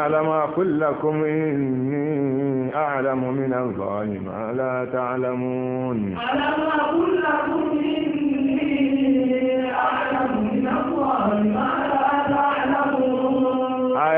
ألم أقل لكم إني أعلم من الله ما لا تعلمون ألم أقل لكم إني أعلم من الله ما لا تعلمون ألم أقل لكم إني أعلم من الله ما لا تعلمون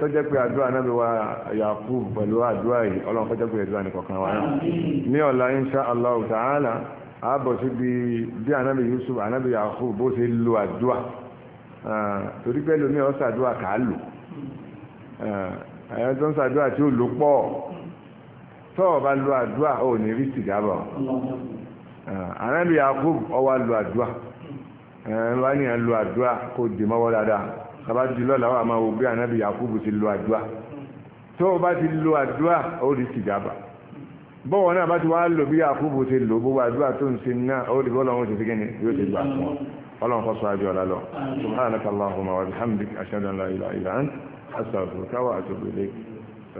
tọ́jẹ́ pé àdúrà náà wá Yakub pẹ̀lú àdúrà yìí ọlọ́run tọ́jẹ́ pé àdúrà nìkọ̀kan wá náà ní ọ̀la insha Allah ta'ala àbọ̀ sí bí bí anábì Yusuf anábì Yakub bó ṣe lo àdúrà torí pé lómi ọ̀sà àdúrà kà á lò ẹ̀yọ́ tó ń sàdúrà tí ó lò pọ̀ tọ́ọ̀ bá lo àdúrà ò ní rí sìgábọ̀ anábì Yakub ó lo àdúrà ẹ̀ wá ní à lo àdúrà kó dì mọ́wọ́ dáadáa tàbá ti lọ́la wà máa wò bí ànábì Yakubu ti lo àdúrà tó o bá ti lo àdúrà ó rí tìjàbà bọ́wọ̀ náà bá ti wá lò bí Yakubu ti lo gbogbo àdúrà tó ń ṣe náà ó rí bọ́lọ́wọ́ ti fi kí ni yóò ti gbà fún ọ ọlọ́run kọ́ sọ àjọ ọ̀la lọ subhanaka wa bihamdik ashhadu an la ilaha illa anta astaghfiruka wa atubu ilayk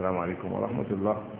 wa rahmatullah